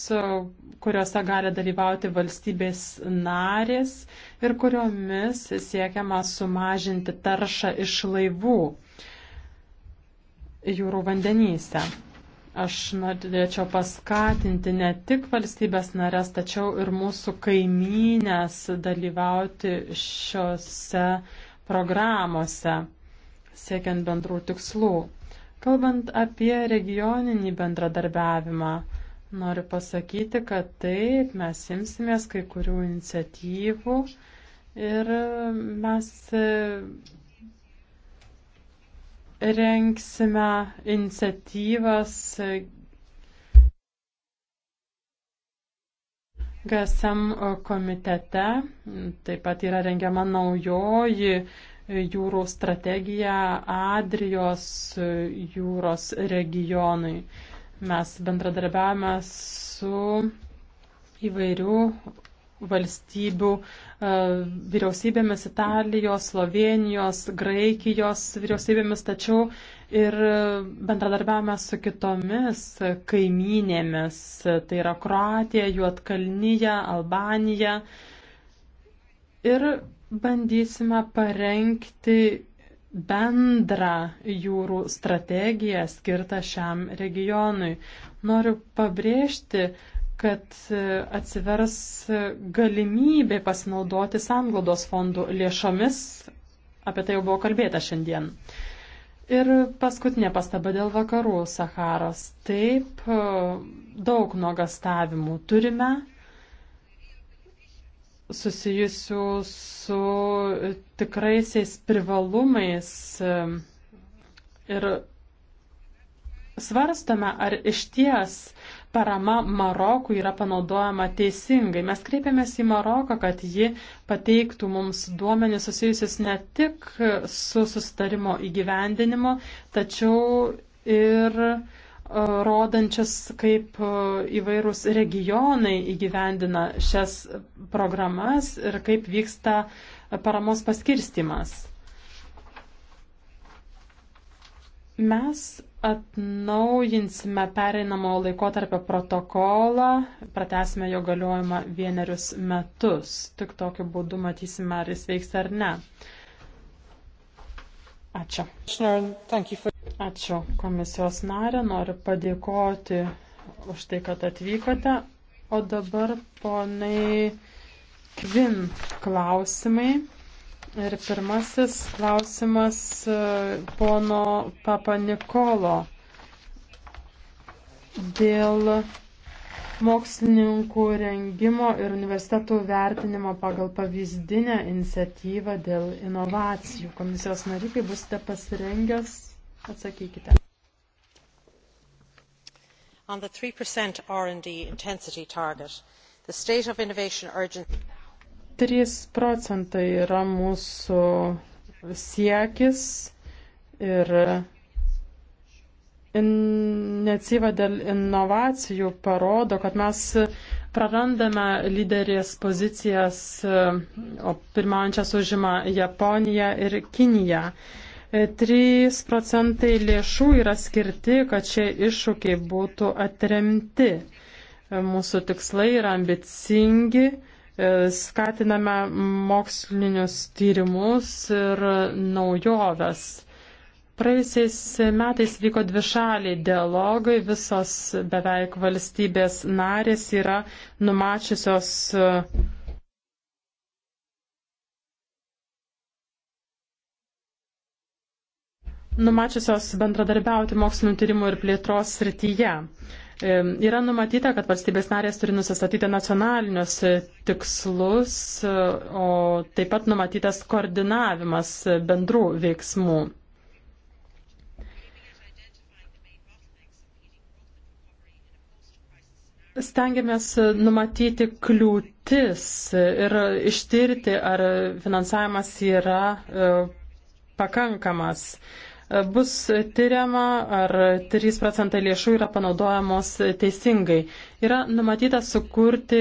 kuriuose gali dalyvauti valstybės narės ir kuriomis siekiama sumažinti taršą iš laivų jūrų vandenyse. Aš norėčiau paskatinti ne tik valstybės narės, tačiau ir mūsų kaimynės dalyvauti šiuose uh, programuose, siekiant bendrų tikslų. Kalbant apie regioninį bendradarbiavimą, noriu pasakyti, kad taip, mes imsimės kai kurių iniciatyvų ir mes e, renksime iniciatyvas GSM komitete taip pat yra rengiama naujoji jūrų strategija Adrijos jūros regionui. Mes bendradarbiavame su įvairių valstybių e, vyriausybėmis Italijos, Slovenijos, Graikijos vyriausybėmis, tačiau Ir bendradarbiavame su kitomis kaimynėmis, tai yra Kroatija, Juotkalnyje, Albanija. Ir bandysime parengti bendrą jūrų strategiją skirtą šiam regionui. Noriu pabrėžti, kad atsivers galimybė pasinaudoti sanglaudos fondų lėšomis. Apie tai jau buvo kalbėta šiandien. Ir paskutinė pastaba dėl vakarų Saharos. Taip, e, daug nuogastavimų turime susijusių su tikraisiais privalumais e, ir svarstame, ar iš ties parama Marokui yra panaudojama teisingai. Mes kreipėmės į Maroką, kad ji pateiktų mums duomenys susijusius ne tik su sustarimo įgyvendinimu, tačiau ir e, rodančias, kaip e, įvairūs regionai įgyvendina šias programas ir kaip vyksta paramos paskirstimas. Mes Atnaujinsime pereinamo laikotarpio protokolą, pratesime jo galiojimą vienerius metus. Tik tokiu būdu matysime, ar jis veiks ar ne. Ačiū. Ačiū komisijos narė, noriu padėkoti už tai, kad atvykote. O dabar poniai Kvin klausimai. Ir pirmasis klausimas e, pono Papa Nikolo dėl mokslininkų rengimo ir universitetų vertinimo pagal pavyzdinę iniciatyvą dėl inovacijų. Komisijos nariai, kai busite pasirengęs, atsakykite on the three rd intensity target the state of innovation urgency. 3 procentai yra mūsų siekis ir iniciatyva dėl inovacijų parodo, kad mes prarandame lyderės pozicijas, o pirmaujančias užima Japonija ir Kinija. 3 procentai lėšų yra skirti, kad šie iššūkiai būtų atremti. Mūsų tikslai yra ambicingi E, skatiname mokslinius tyrimus ir naujoves. Praėjusiais metais vyko dvišaliai dialogai, visos beveik valstybės narės yra numačiusios e, numačiusios bendradarbiauti mokslinio tyrimų ir plėtros srityje. Yra numatyta, kad valstybės narės turi nusistatyti nacionalinius e, tikslus, e, o taip pat numatytas koordinavimas e, bendrų veiksmų. Stengiamės numatyti kliūtis ir ištirti, ar finansavimas yra pakankamas bus tyriama, ar 3 procentai lėšų yra panaudojamos teisingai. Yra numatyta sukurti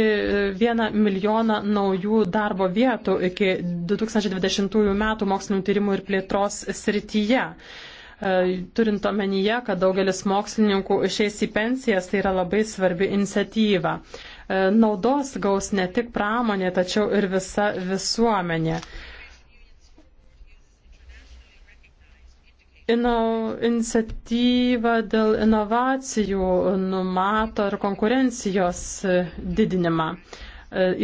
1 e, milijoną naujų darbo vietų iki 2020 metų mokslinių tyrimų ir plėtros srityje e, turint omenyje, kad daugelis mokslininkų išeis į pensijas, tai yra labai svarbi iniciatyva. E, naudos gaus ne tik pramonė, tačiau ir visa visuomenė. Inau, iniciatyva dėl inovacijų numato ir konkurencijos didinimą. E,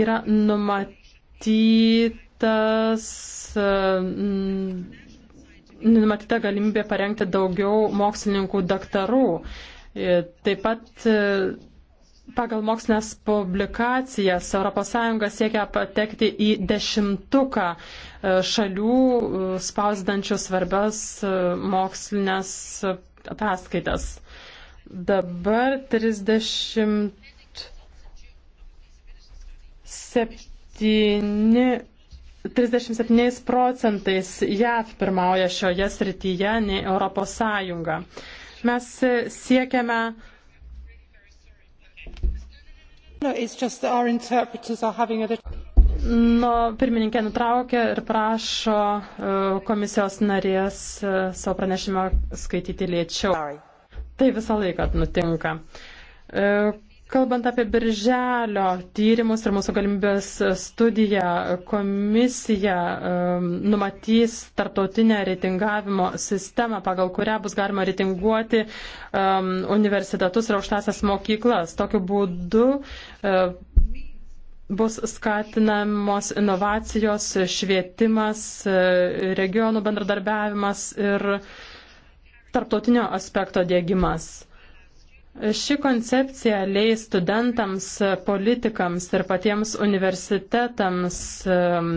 yra numatytas, e, numatyta galimybė parengti daugiau mokslininkų daktarų. E, taip pat Pagal mokslinės publikacijas ES siekia patekti į dešimtuką e, šalių e, spausdančių svarbias e, mokslinės ataskaitas. Dabar 37 37 procentais JAV pirmauja šioje srityje nei Europos Sąjunga. Mes siekiame uh, No, Nu, pirmininkė nutraukė ir prašo e, komisijos narės e, savo pranešimą skaityti lėčiau. Tai visą laiką nutinka. E, Kalbant apie birželio tyrimus ir mūsų galimybės studiją, komisija um, numatys tarptautinę reitingavimo sistemą, pagal kurią bus galima reitinguoti um, universitetus ir aukštasias mokyklas. Tokiu būdu uh, bus skatinamos inovacijos, švietimas, uh, regionų bendradarbiavimas ir tarptautinio aspekto dėgymas. Ši koncepcija leis studentams, politikams ir patiems universitetams um,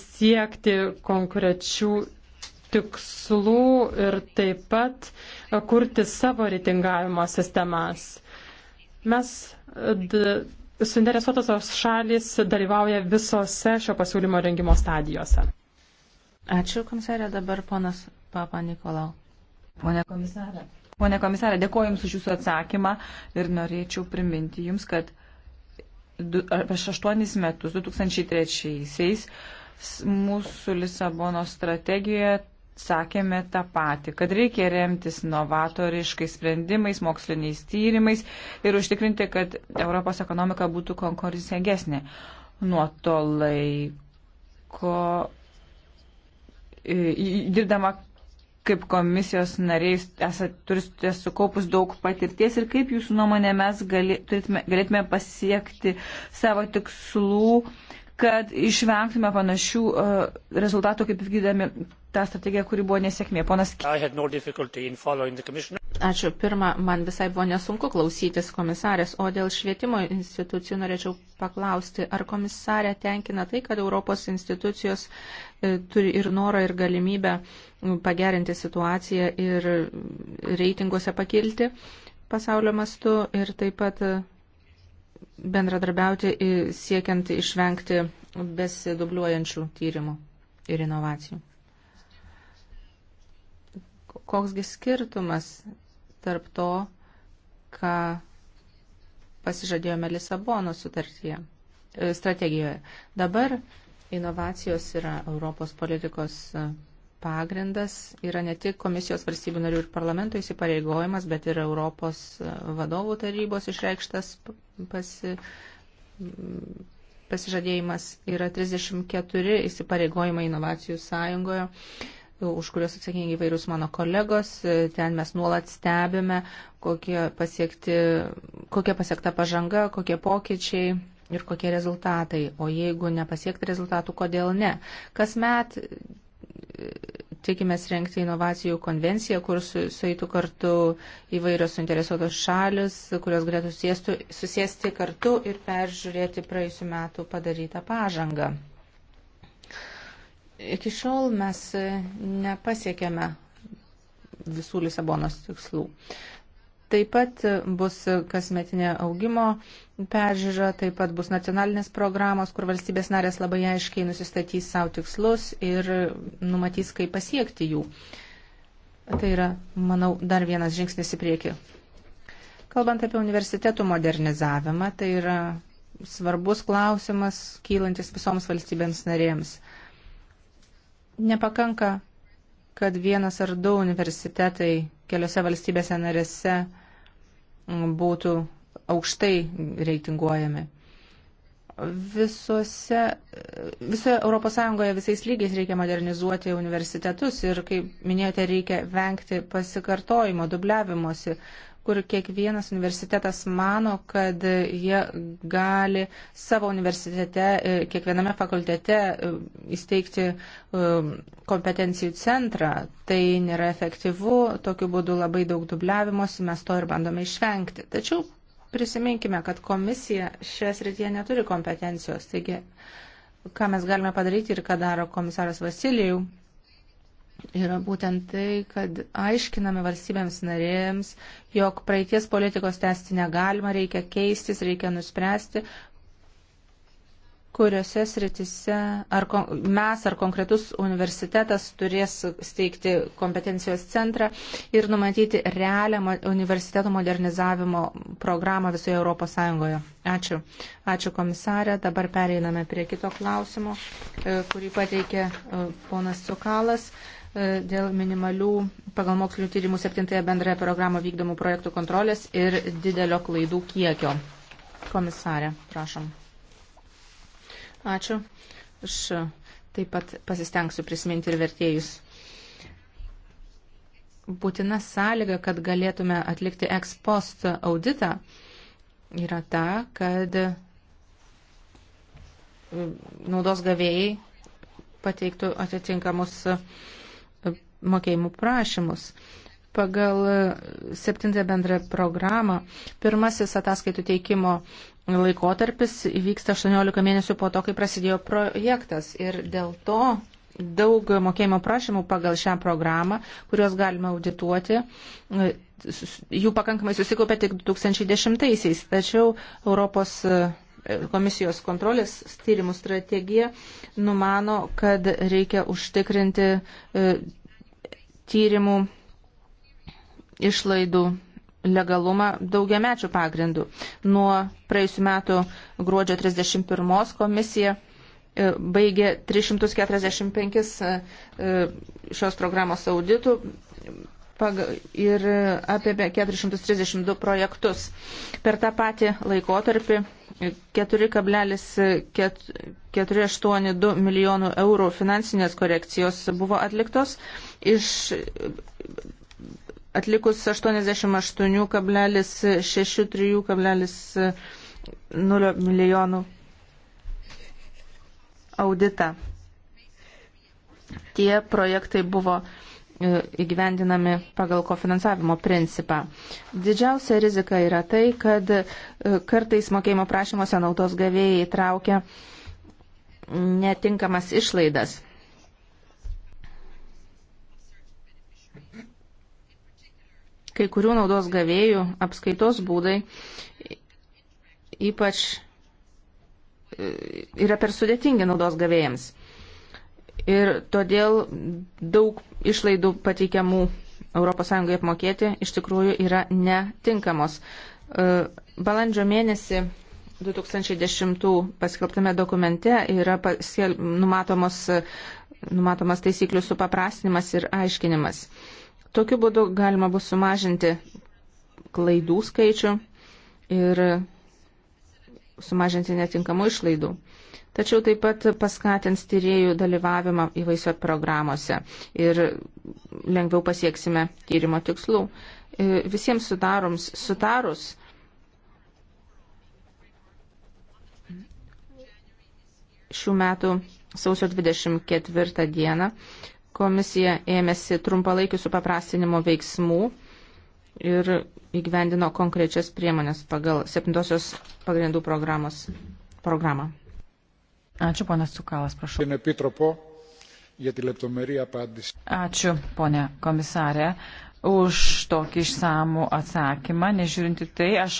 siekti konkrečių tikslų ir taip pat uh, kurti savo reitingavimo sistemas. Mes uh, suinteresuotosios šalis dalyvauja visose šio pasiūlymo rengimo stadijose. Ačiū, komisarė. Dabar ponas Papa Nikolau. Pone komisarė. Pone komisarė, dėkoju Jums už Jūsų atsakymą ir norėčiau priminti Jums, kad prieš aštuonis metus, 2003-aisiais, mūsų Lisabono strategijoje sakėme tą patį, kad reikia remtis novatoriškais sprendimais, moksliniais tyrimais ir užtikrinti, kad Europos ekonomika būtų konkurencingesnė. Nuo to laiko dirbdama kaip komisijos nariais esate, turite sukaupus daug patirties ir kaip jūsų nuomonė mes gali, turėtume, galėtume pasiekti savo tikslų, kad išvengtume panašių uh, rezultatų, kaip vykdydami tą strategiją, kuri buvo nesėkmė. Ponas no Ačiū. Pirma, man visai buvo nesunku klausytis komisarės, o dėl švietimo institucijų norėčiau paklausti, ar komisarė tenkina tai, kad Europos institucijos e, turi ir norą, ir galimybę pagerinti situaciją ir reitinguose pakilti pasaulio mastu ir taip pat. E, bendradarbiauti siekiant išvengti besidubliuojančių tyrimų ir inovacijų. Koksgi skirtumas tarp to, ką pasižadėjome Lisabono sutartyje, e, strategijoje. Dabar inovacijos yra Europos politikos e, pagrindas yra ne tik komisijos valstybių narių ir parlamento įsipareigojimas, bet ir Europos e, vadovų tarybos išreikštas pasi, pasižadėjimas. Yra 34 įsipareigojimai inovacijų sąjungoje e, už kuriuos atsakingi įvairūs mano kolegos. E, ten mes nuolat stebime, kokie pasiekti, kokia pasiekta pažanga, kokie pokyčiai ir kokie rezultatai. O jeigu nepasiekti rezultatų, kodėl ne? Kasmet tikimės renkti inovacijų konvenciją, kur sueitų kartu įvairios suinteresuotos šalis, kurios galėtų susėstų, susėsti kartu ir peržiūrėti praėjusiu metu padarytą pažangą. Iki šiol mes nepasiekėme visų Lisabonos tikslų. Uh, Taip pat bus kasmetinė augimo peržiūra, taip pat bus nacionalinės programos, kur valstybės narės labai aiškiai nusistatys savo tikslus ir numatys, kaip pasiekti jų. Tai yra, manau, dar vienas žingsnis į priekį. Kalbant apie universitetų modernizavimą, tai yra svarbus klausimas, kylantis visoms valstybėms narėms. Nepakanka, kad vienas ar du universitetai keliose valstybėse narėse būtų aukštai reitinguojami. Visose, visoje ES visais lygiais reikia modernizuoti universitetus ir, kaip minėjote, reikia vengti pasikartojimo, dubliavimuose kur kiekvienas universitetas mano, kad jie gali savo universitete, e, kiekviename fakultete e, įsteigti e, kompetencijų centrą. Tai nėra efektyvu, tokiu būdu labai daug dubliavimosi, mes to ir bandome išvengti. Tačiau prisiminkime, kad komisija šioje srityje neturi kompetencijos. Taigi, ką mes galime padaryti ir ką daro komisaras Vasilijų, yra būtent tai, kad aiškiname valstybėms narėms, jog praeities politikos tęsti negalima, reikia keistis, reikia nuspręsti, kuriuose sritise ar mes ar konkretus universitetas turės steigti kompetencijos centrą ir numatyti realią universiteto modernizavimo programą visoje Europos Sąjungoje. Ačiū. Ačiū komisarė. Dabar pereiname prie kito klausimo, e, kurį pateikė e, ponas Sukalas. E, dėl minimalių pagal mokslinio tyrimų septintąją bendrąją programą vykdomų projektų kontrolės ir didelio klaidų kiekio. Komisarė, prašom. Ačiū. Aš taip pat pasistengsiu prisiminti ir vertėjus. Būtina sąlyga, kad galėtume atlikti ex post auditą, yra ta, kad e, naudos gavėjai pateiktų atitinkamus uh, mokėjimų prašymus. Pagal septintą bendrą programą pirmasis ataskaitų teikimo laikotarpis įvyksta 18 mėnesių po to, kai prasidėjo projektas. Ir dėl to daug mokėjimo prašymų pagal šią programą, kuriuos galima audituoti, jų pakankamai susikaupė tik 2010-aisiais. Tačiau Europos e, komisijos kontrolės tyrimų strategija numano, kad reikia užtikrinti e, tyrimų išlaidų legalumą daugiamečių pagrindų. Nuo praėjusiu metu gruodžio 31 komisija e, baigė 345 e, e, šios programos auditų ir apie 432 projektus. Per tą patį laikotarpį 4,482 milijonų eurų finansinės korekcijos buvo atliktos iš atlikus 88,63,0 milijonų auditą. Tie projektai buvo E, įgyvendinami pagal kofinansavimo principą. Didžiausia rizika yra tai, kad e, kartais mokėjimo prašymuose naudos gavėjai įtraukia netinkamas išlaidas. Kai kurių naudos gavėjų apskaitos būdai ypač e, yra per sudėtingi naudos gavėjams ir todėl daug išlaidų pateikiamų ES apmokėti iš tikrųjų yra netinkamos. E, balandžio mėnesį 2010 paskelbtame dokumente yra pasiel, numatomos, numatomas taisyklių supaprastinimas ir aiškinimas. Tokiu būdu galima bus sumažinti klaidų skaičių ir sumažinti netinkamų išlaidų tačiau taip pat paskatins tyriejų dalyvavimą įvairiose programuose ir lengviau pasieksime tyrimo tikslų. E, visiems sudaroms, sutarus šių metų sausio 24 dieną komisija ėmėsi trumpalaikių supaprastinimo veiksmų ir įgyvendino konkrečias priemonės pagal 7 pagrindų programos programą. Ačiū, ponas Cukalas, prašau. Tai Ačiū, ponė komisarė, už tokį išsamų atsakymą. Nežiūrinti tai, aš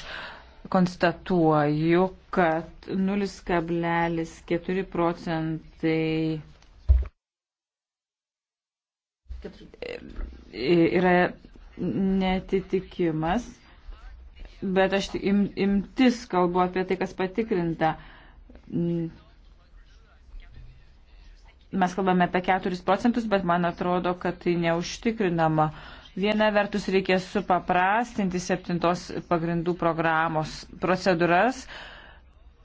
konstatuoju, kad 0,4 procentai yra netitikimas, bet aš imtis kalbu apie tai, kas patikrinta mes kalbame apie 4 procentus, bet man atrodo, kad tai neužtikrinama. Viena vertus reikės supaprastinti septintos pagrindų programos procedūras,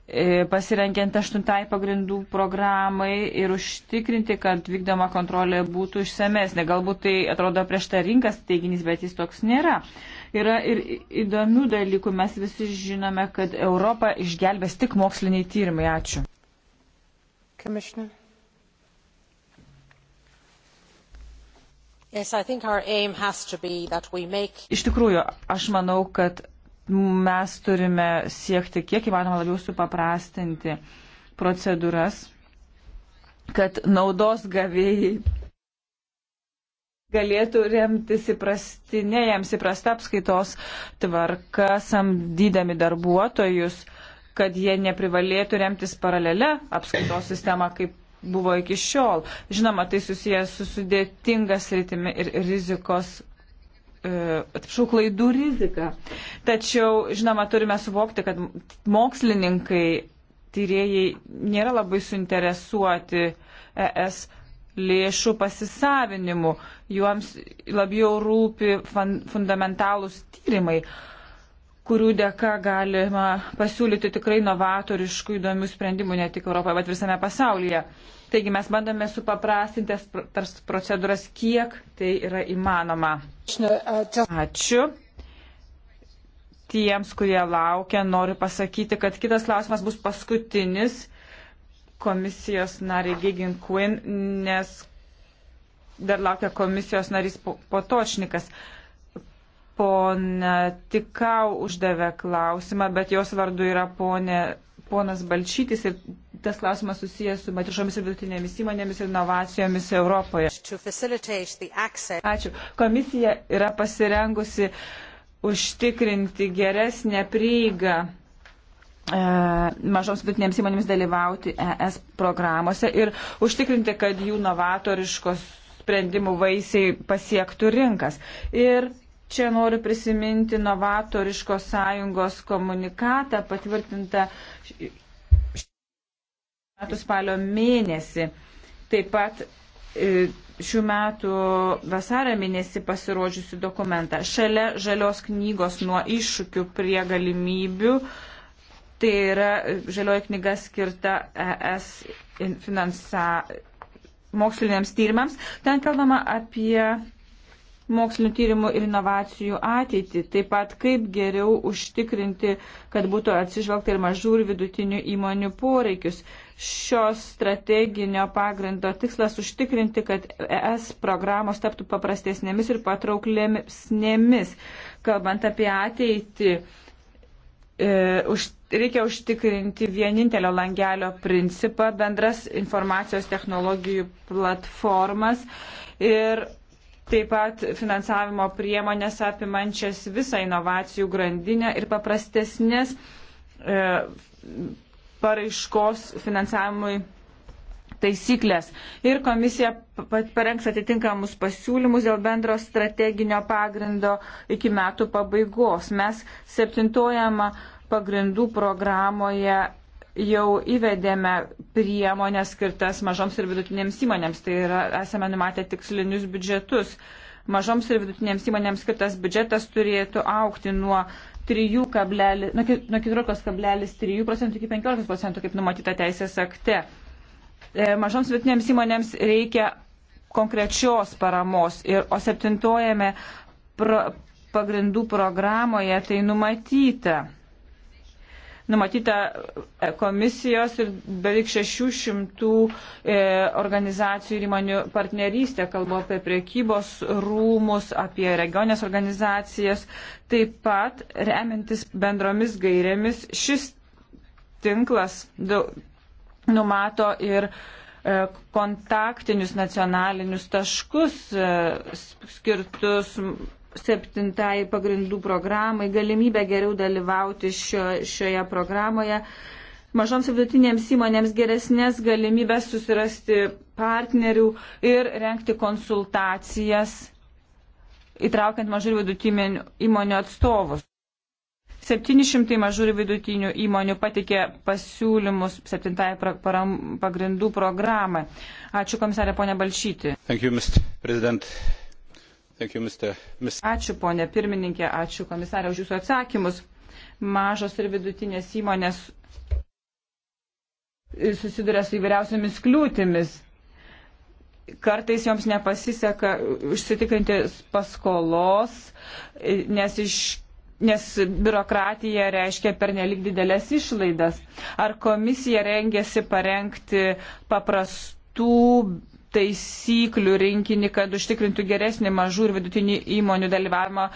e, pasirenkiant aštuntai pagrindų programai ir užtikrinti, kad vykdoma kontrolė būtų išsamesnė. Galbūt tai atrodo prieštaringas teiginys, bet jis toks nėra. Yra ir įdomių dalykų. Mes visi žinome, kad Europą išgelbės tik moksliniai tyrimai. Ačiū. Commissioner. Yes, make... Iš tikrųjų, aš manau, kad mes turime siekti kiek įmanoma labiau supaprastinti procedūras, kad naudos gavėjai galėtų remtis įprastinė, jiems įprasta apskaitos tvarka, samdydami darbuotojus, kad jie neprivalėtų remtis paralelę apskaitos sistemą, kaip buvo iki šiol. Žinoma, tai susijęs su sudėtingas rytimi ir rizikos. E, atsiprašau, klaidų rizika. Tačiau, žinoma, turime suvokti, kad mokslininkai, tyrėjai nėra labai suinteresuoti ES lėšų pasisavinimu. Juoms labiau rūpi fundamentalūs tyrimai. Uh, kurių dėka galima pasiūlyti tikrai novatoriškų įdomių sprendimų ne tik Europoje, bet visame pasaulyje. Taigi mes bandome supaprastinti tas procedūras, kiek tai yra įmanoma. Ačiū. Tiems, kurie laukia, noriu pasakyti, kad kitas klausimas bus paskutinis komisijos nariai Gigin Quinn, nes dar laukia komisijos narys Potočnikas. Po Pona Tikau uždavė klausimą, bet jos vardu yra ponė, ponas Balčytis ir tas klausimas susijęs su matrišomis ir vidutinėmis įmonėmis ir inovacijomis Europoje. Ačiū. Komisija yra pasirengusi užtikrinti geresnę prieigą e, mažoms vidutinėms įmonėms dalyvauti ES programuose ir užtikrinti, kad jų novatoriškos sprendimų vaisiai pasiektų rinkas. Ir Čia noriu prisiminti novatoriškos sąjungos komunikatą patvirtintą metų spalio mėnesį. Taip pat e, šių metų vasarą mėnesį pasirodžiusi dokumentą. Šalia žalios knygos nuo iššūkių prie galimybių, tai yra e, žalioji knyga skirta ES finansa moksliniams tyrimams, ten kalbama apie mokslinio tyrimų ir inovacijų ateitį. Taip pat kaip geriau užtikrinti, kad būtų atsižvelgta ir mažų ir vidutinių įmonių poreikius. Šios strateginio pagrindo tikslas užtikrinti, kad ES programos taptų paprastesnėmis ir patrauklėmis. Kalbant apie ateitį, e, už, reikia užtikrinti vienintelio langelio principą, bendras informacijos technologijų platformas ir taip pat finansavimo priemonės apimančias visą inovacijų grandinę ir paprastesnės e, paraiškos finansavimui taisyklės. Ir komisija parengs atitinkamus pasiūlymus dėl bendro strateginio pagrindo iki metų pabaigos. Mes septintojama pagrindų programoje jau įvedėme priemonės skirtas mažoms ir vidutinėms įmonėms, tai yra esame numatę tikslinius biudžetus. Mažoms ir vidutinėms įmonėms skirtas biudžetas turėtų aukti nuo 3,3 nuo 14,3 procentų iki 15 procentų, kaip numatyta teisės akte. E, mažoms vidutinėms įmonėms reikia konkrečios paramos, ir, o septintojame pro, pagrindų programoje tai numatyta numatyta e, komisijos ir beveik 600 e, organizacijų ir įmonių partnerystė, kalbu apie priekybos rūmus, apie regionės organizacijas. Taip pat, remintis bendromis gairėmis, šis tinklas numato ir e, kontaktinius nacionalinius taškus skirtus septintai pagrindų programai, galimybę geriau dalyvauti šio, šioje programoje, mažoms ir vidutinėms įmonėms geresnės galimybės susirasti partnerių ir renkti konsultacijas, įtraukiant mažų ir vidutinių įmonių atstovus. 700 mažų ir vidutinių įmonių patikė pasiūlymus 7 pagrindų programą. Ačiū komisarė ponė Balšyti. Thank you, Mr. President. You, Mr. Mr. Ačiū, ponė pirmininkė, ačiū komisarė už jūsų atsakymus. Mažos ir vidutinės įmonės susiduria su įvairiausiamis kliūtimis. Kartais joms nepasiseka užsitikrinti paskolos, nes iš nes biurokratija reiškia pernelik didelės išlaidas. Ar komisija rengėsi parengti paprastų taisyklių rinkinį, kad užtikrintų geresnį mažų ir vidutinių įmonių dalyvavimą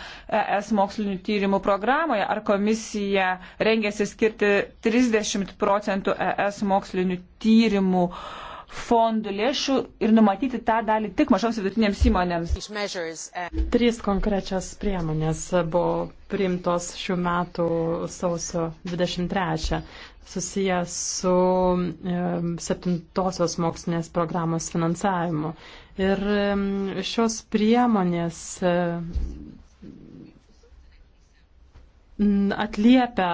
ES mokslinių tyrimų programoje? Ar komisija rengėsi skirti 30 procentų ES mokslinių tyrimų fondų lėšų ir numatyti tą dalį tik mažoms vidutinėms įmonėms? Trys konkrečios priemonės buvo priimtos šių metų sausio 23 susijęs su septintosios mokslinės programos finansavimu. Ir šios priemonės atliepia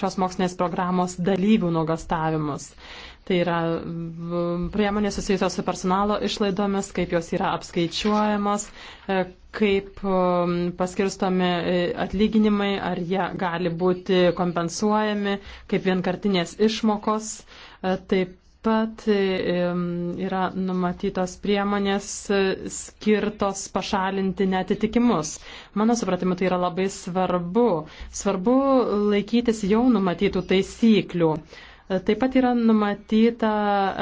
šios mokslinės programos dalyvių nuogastavimus. Tai yra priemonės susijusios su personalo išlaidomis, kaip jos yra apskaičiuojamos, e, kaip paskirstomi e, atlyginimai, ar jie gali būti kompensuojami, kaip vienkartinės išmokos. E, taip pat yra numatytos priemonės skirtos pašalinti netitikimus. Mano supratimu, tai yra labai svarbu. Svarbu laikytis jau numatytų taisyklių. Taip pat yra numatyta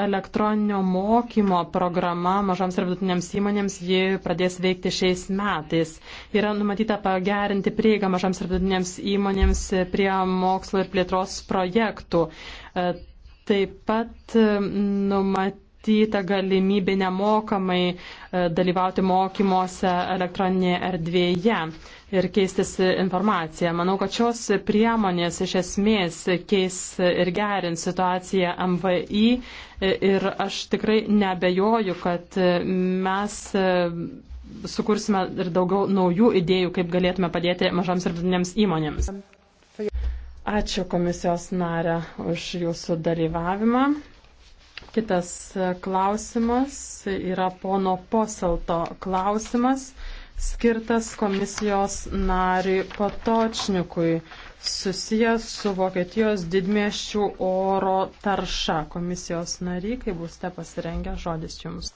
elektroninio mokymo programa mažoms ir vidutinėms įmonėms, ji pradės veikti šiais metais. Yra numatyta pagerinti prieigą mažoms ir vidutinėms įmonėms prie mokslo ir plėtros projektų. Taip pat mm, numatyta numatyta galimybė nemokamai e, dalyvauti mokymuose elektroninėje erdvėje ir keistis informaciją. Manau, kad šios priemonės iš esmės keis ir gerins situaciją MVI ir aš tikrai nebejoju, kad mes e, sukursime ir daugiau naujų idėjų, kaip galėtume padėti mažoms ir vidutinėms įmonėms. Ačiū komisijos narė už jūsų dalyvavimą. Kitas klausimas yra pono Poselto klausimas skirtas komisijos nariui Patočnikui, susijęs su Vokietijos didmieščių oro tarša. Komisijos nariai, kai būsite pasirengę, žodis jums.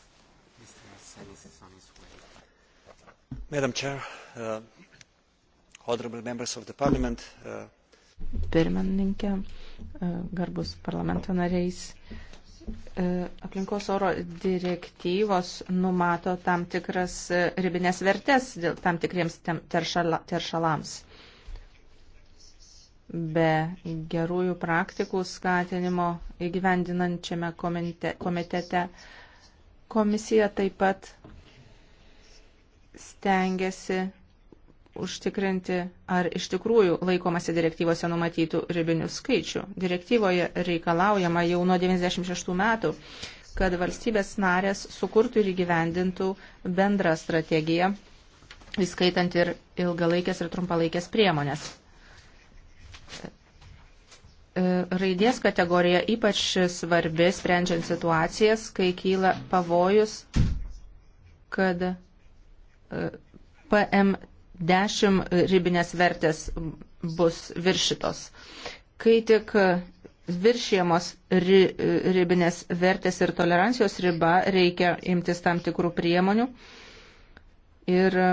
Madam Chair, uh, honorable members of the parliament. Uh, Pirmininkė, uh, garbus parlamento nariais, uh, E, aplinkos oro direktyvos numato tam tikras e, ribinės vertės dėl tam tikriems teršala, teršalams. Be gerųjų praktikų skatinimo įgyvendinančiame komite, komitete komisija taip pat stengiasi užtikrinti, ar iš tikrųjų laikomasi direktyvose numatytų ribinių skaičių. Direktyvoje reikalaujama jau nuo 96 metų, kad valstybės narės sukurtų ir įgyvendintų bendrą strategiją, įskaitant ir ilgalaikės ir trumpalaikės priemonės. E, raidės kategorija ypač svarbi, sprendžiant situacijas, kai kyla pavojus, kad e, PM 10 ribinės vertės bus viršytos. Kai tik viršėjamos ri, ribinės vertės ir tolerancijos riba, reikia imtis tam tikrų priemonių ir e,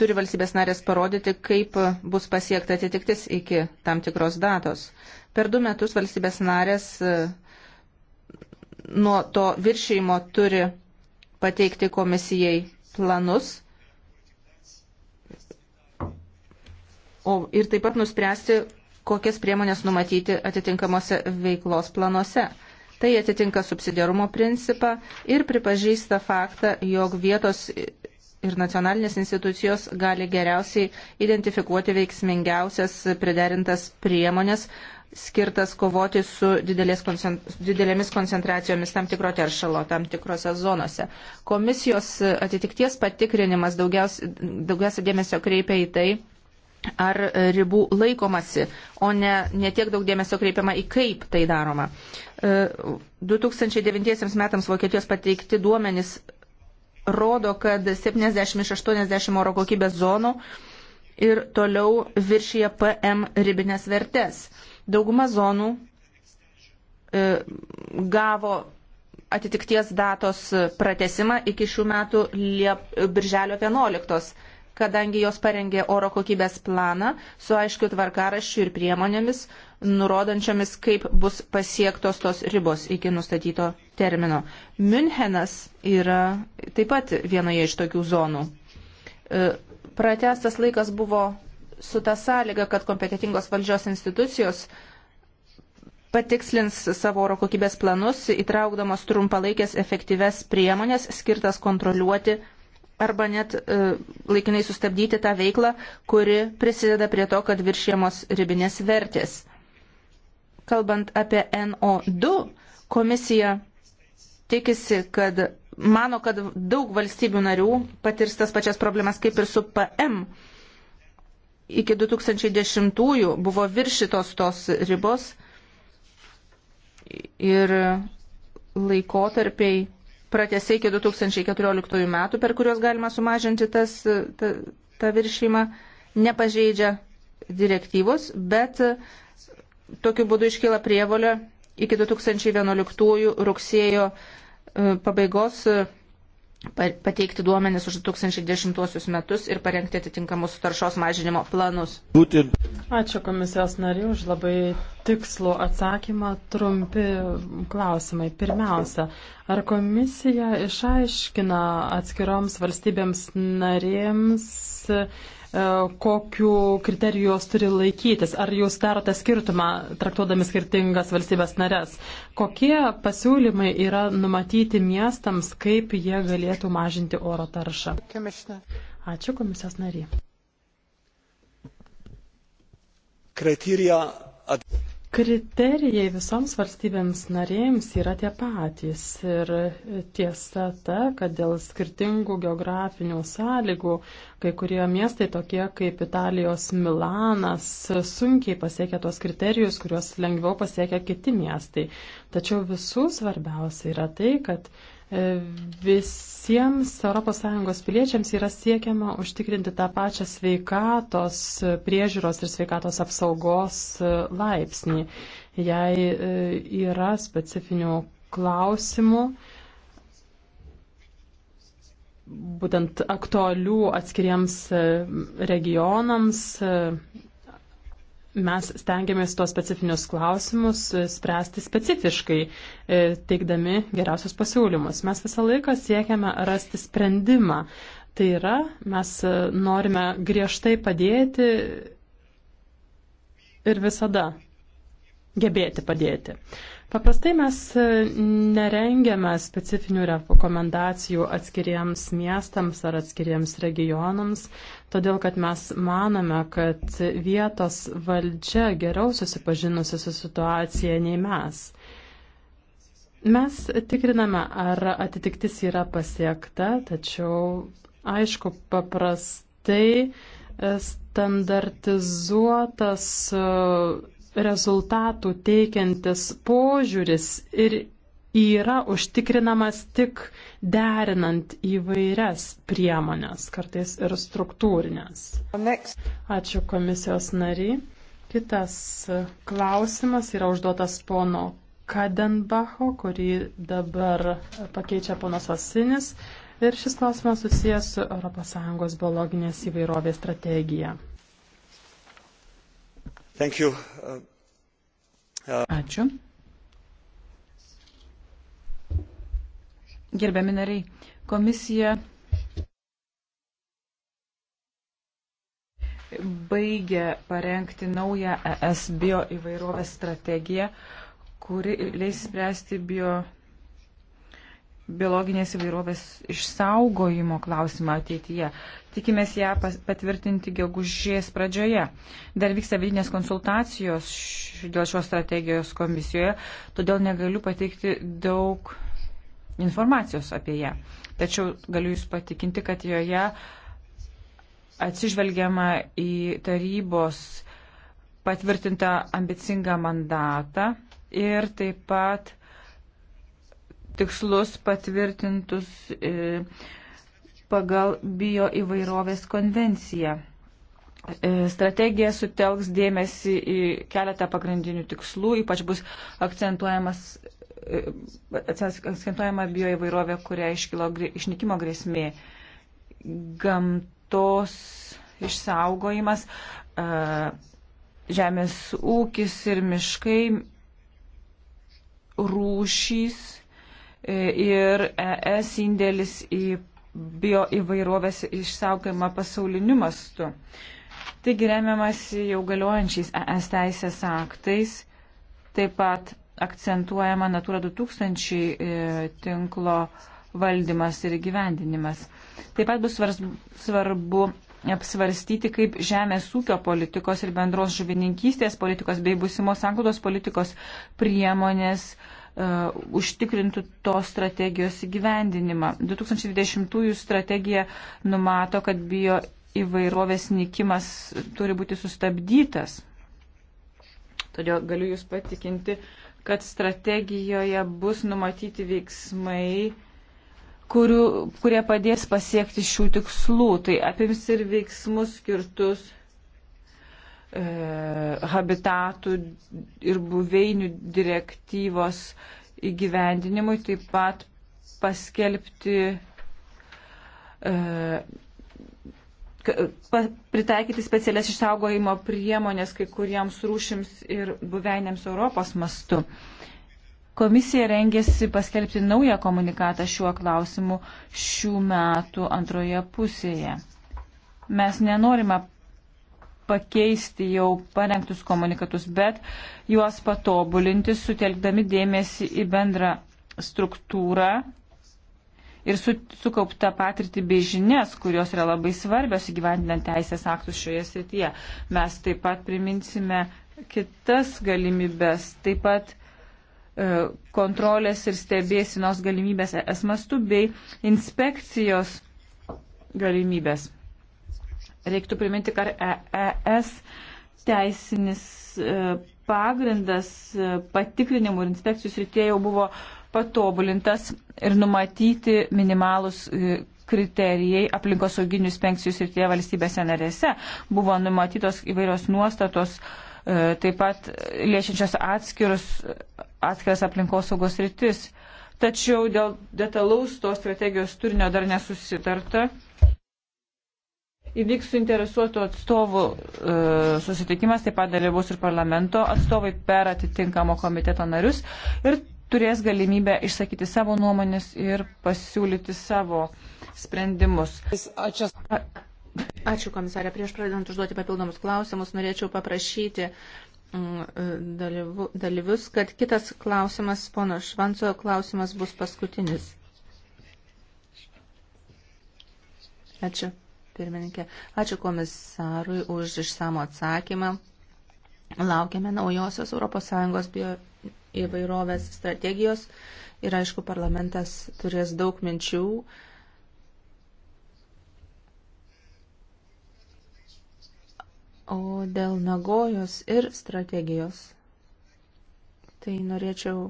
turi valstybės narės parodyti, kaip bus pasiekta atitiktis iki tam tikros datos. Per du metus valstybės narės e, nuo to viršėjimo turi pateikti komisijai planus o ir taip pat nuspręsti, kokias priemonės numatyti atitinkamuose veiklos planuose. Tai atitinka subsidiarumo principą ir pripažįsta faktą, jog vietos ir nacionalinės institucijos gali geriausiai identifikuoti veiksmingiausias priderintas priemonės skirtas kovoti su koncent... didelėmis koncentracijomis tam tikro teršalo, tam tikrose zonose. Komisijos atitikties patikrinimas daugiausia, daugiausia dėmesio kreipia į tai, ar e, ribų laikomasi, o ne, ne tiek daug dėmesio kreipiama į kaip tai daroma. 2009 e, metams Vokietijos pateikti duomenys rodo, kad 70 iš 80 oro kokybės zonų ir toliau viršyje PM ribinės vertės. Dauguma zonų e, gavo atitikties datos pratesimą iki šių metų liep, birželio 11 kadangi jos parengė oro kokybės planą su aiškiu tvarkaraščiu ir priemonėmis, nurodančiomis, kaip bus pasiektos tos ribos iki nustatyto termino. Münchenas yra taip pat vienoje iš tokių zonų. E, Pratestas laikas buvo su ta sąlyga, kad kompetitingos valdžios institucijos patikslins savo oro kokybės planus, įtraukdamos trumpalaikės efektyves priemonės skirtas kontroliuoti arba net e, laikinai sustabdyti tą veiklą, kuri prisideda prie to, kad viršėmos ribinės vertės. Kalbant apie NO2, komisija tikisi, kad mano, kad daug valstybių narių patirs tas pačias problemas kaip ir su PM. Iki 2010 buvo viršytos tos ribos ir laikotarpiai pratesiai iki 2014 metų, per kuriuos galima sumažinti tas, ta, tą viršymą, nepažeidžia direktyvos, bet e, tokiu būdu iškyla prievolė iki 2011 rugsėjo e, pabaigos e, pateikti duomenis už 2010 metus ir parengti atitinkamus taršos mažinimo planus. Būtin. Ačiū komisijos nariu už labai tikslų atsakymą. Trumpi klausimai. Pirmiausia, ar komisija išaiškina atskiroms valstybėms narėms E, kokiu kriteriju jos turi laikytis. Ar jūs darote skirtumą, traktuodami skirtingas valstybės narės? Kokie pasiūlymai yra numatyti miestams, kaip jie galėtų mažinti oro taršą? Ačiū komisijos nariai. Kriterija. At... Kriterijai visoms valstybėms narėms yra tie patys ir tiesa ta, kad dėl skirtingų geografinių sąlygų kai kurie miestai tokie kaip Italijos Milanas sunkiai pasiekia tuos kriterijus, kuriuos lengviau pasiekia kiti miestai. Tačiau visų svarbiausia yra tai, kad Visiems ES piliečiams yra siekiama užtikrinti tą pačią sveikatos priežiūros ir sveikatos apsaugos e, laipsnį. Jei e, yra specifinių klausimų, būtent aktualių atskiriems e, regionams, mes stengiamės tuos specifinius klausimus e, spręsti specifiškai, e, teikdami geriausius pasiūlymus. Mes visą laiką siekiame rasti sprendimą. Tai yra, mes e, norime griežtai padėti ir visada gebėti padėti. Paprastai mes e, nerengiame specifinių rekomendacijų atskiriems miestams ar atskiriems regionams, todėl kad mes manome, kad vietos valdžia geriau susipažinusi su situacija nei mes. Mes tikriname, ar atitiktis yra pasiekta, tačiau aišku, paprastai standartizuotas rezultatų teikiantis požiūris ir yra užtikrinamas tik derinant įvairias priemonės, kartais ir struktūrinės. Ačiū komisijos nariai. Kitas klausimas yra užduotas pono Kadenbacho, kurį dabar pakeičia ponas Osinis. Ir šis klausimas susijęs su ES biologinės įvairovės strategija. Ačiū. Gerbiami nariai, komisija baigė parengti naują ES bio įvairovės strategiją, kuri leis spręsti bio biologinės įvairovės išsaugojimo klausimą ateityje. Tikimės ją patvirtinti gegužės pradžioje. Dar vyksta vidinės konsultacijos dėl šios strategijos komisijoje, todėl negaliu pateikti daug informacijos apie ją. Tačiau galiu Jūs patikinti, kad joje atsižvelgiama į tarybos patvirtintą ambicingą mandatą ir taip pat tikslus patvirtintus e, pagal bio įvairovės konvenciją. E, strategija sutelks dėmesį į keletą pagrindinių tikslų, ypač bus akcentuojamas e, akcentuojama bioįvairovė, kuria iškilo išnykimo grėsmė, gamtos išsaugojimas, žemės ūkis ir miškai, rūšys ir ES indėlis į bioįvairovės išsaugojimą pasauliniu mastu. Taigi remiamasi jau galiojančiais ES teisės aktais, taip pat akcentuojama Natura 2000 e, tinklo valdymas ir gyvendinimas. Taip pat bus svarbu apsvarstyti, kaip žemės ūkio politikos ir bendros žuvininkystės politikos bei būsimos anglodos politikos priemonės uh, E, užtikrintų tos strategijos įgyvendinimą. 2020 strategija numato, kad bio įvairovės nikimas turi būti sustabdytas. Todėl galiu Jūs patikinti, kad strategijoje bus numatyti veiksmai, kurių, kurie padės pasiekti šių tikslų. Tai apims ir veiksmus skirtus e, habitatų ir buveinių direktyvos įgyvendinimui, taip pat paskelbti, e, pritaikyti specialias išsaugojimo priemonės kai kuriems rūšims ir buveinėms Europos mastu. Komisija rengėsi paskelbti naują komunikatą šiuo klausimu šių metų antroje pusėje. Mes nenorime pakeisti jau parengtus komunikatus, bet juos patobulinti, sutelkdami dėmesį į bendrą struktūrą ir su, sukauptą patirtį bei žinias, kurios yra labai svarbios įgyvendinant teisės aktus šioje srityje. Mes taip pat priminsime kitas galimybės, taip pat e, kontrolės ir stebėsinos galimybės e, esmastų bei inspekcijos galimybės. Reiktų priminti, kad EES teisinis e, pagrindas e, patikrinimų ir inspekcijų srityje jau buvo patobulintas ir numatyti minimalus e, kriterijai aplinkosauginių inspekcijų srityje valstybėse narėse. Buvo numatytos įvairios nuostatos, taip pat liečiančios atskirus, atskiras aplinkosaugos rytis. Tačiau dėl detalaus tos strategijos turinio dar nesusitarta. Įvyks suinteresuotų atstovų e, susitikimas, taip pat dalyvaus ir parlamento atstovai per atitinkamo komiteto narius ir turės galimybę išsakyti savo nuomonės ir pasiūlyti savo sprendimus. Ačiū. Ačiū komisarė. Prieš pradedant užduoti papildomus klausimus, norėčiau paprašyti mm, e, dalyvu, dalyvius, kad kitas klausimas, pono Švanco klausimas, bus paskutinis. Ačiū pirmininkė. Ačiū komisarui už išsamų atsakymą. Laukiame naujosios ES bio įvairovės strategijos ir aišku, parlamentas turės daug minčių. O dėl Nagojos ir strategijos, tai norėčiau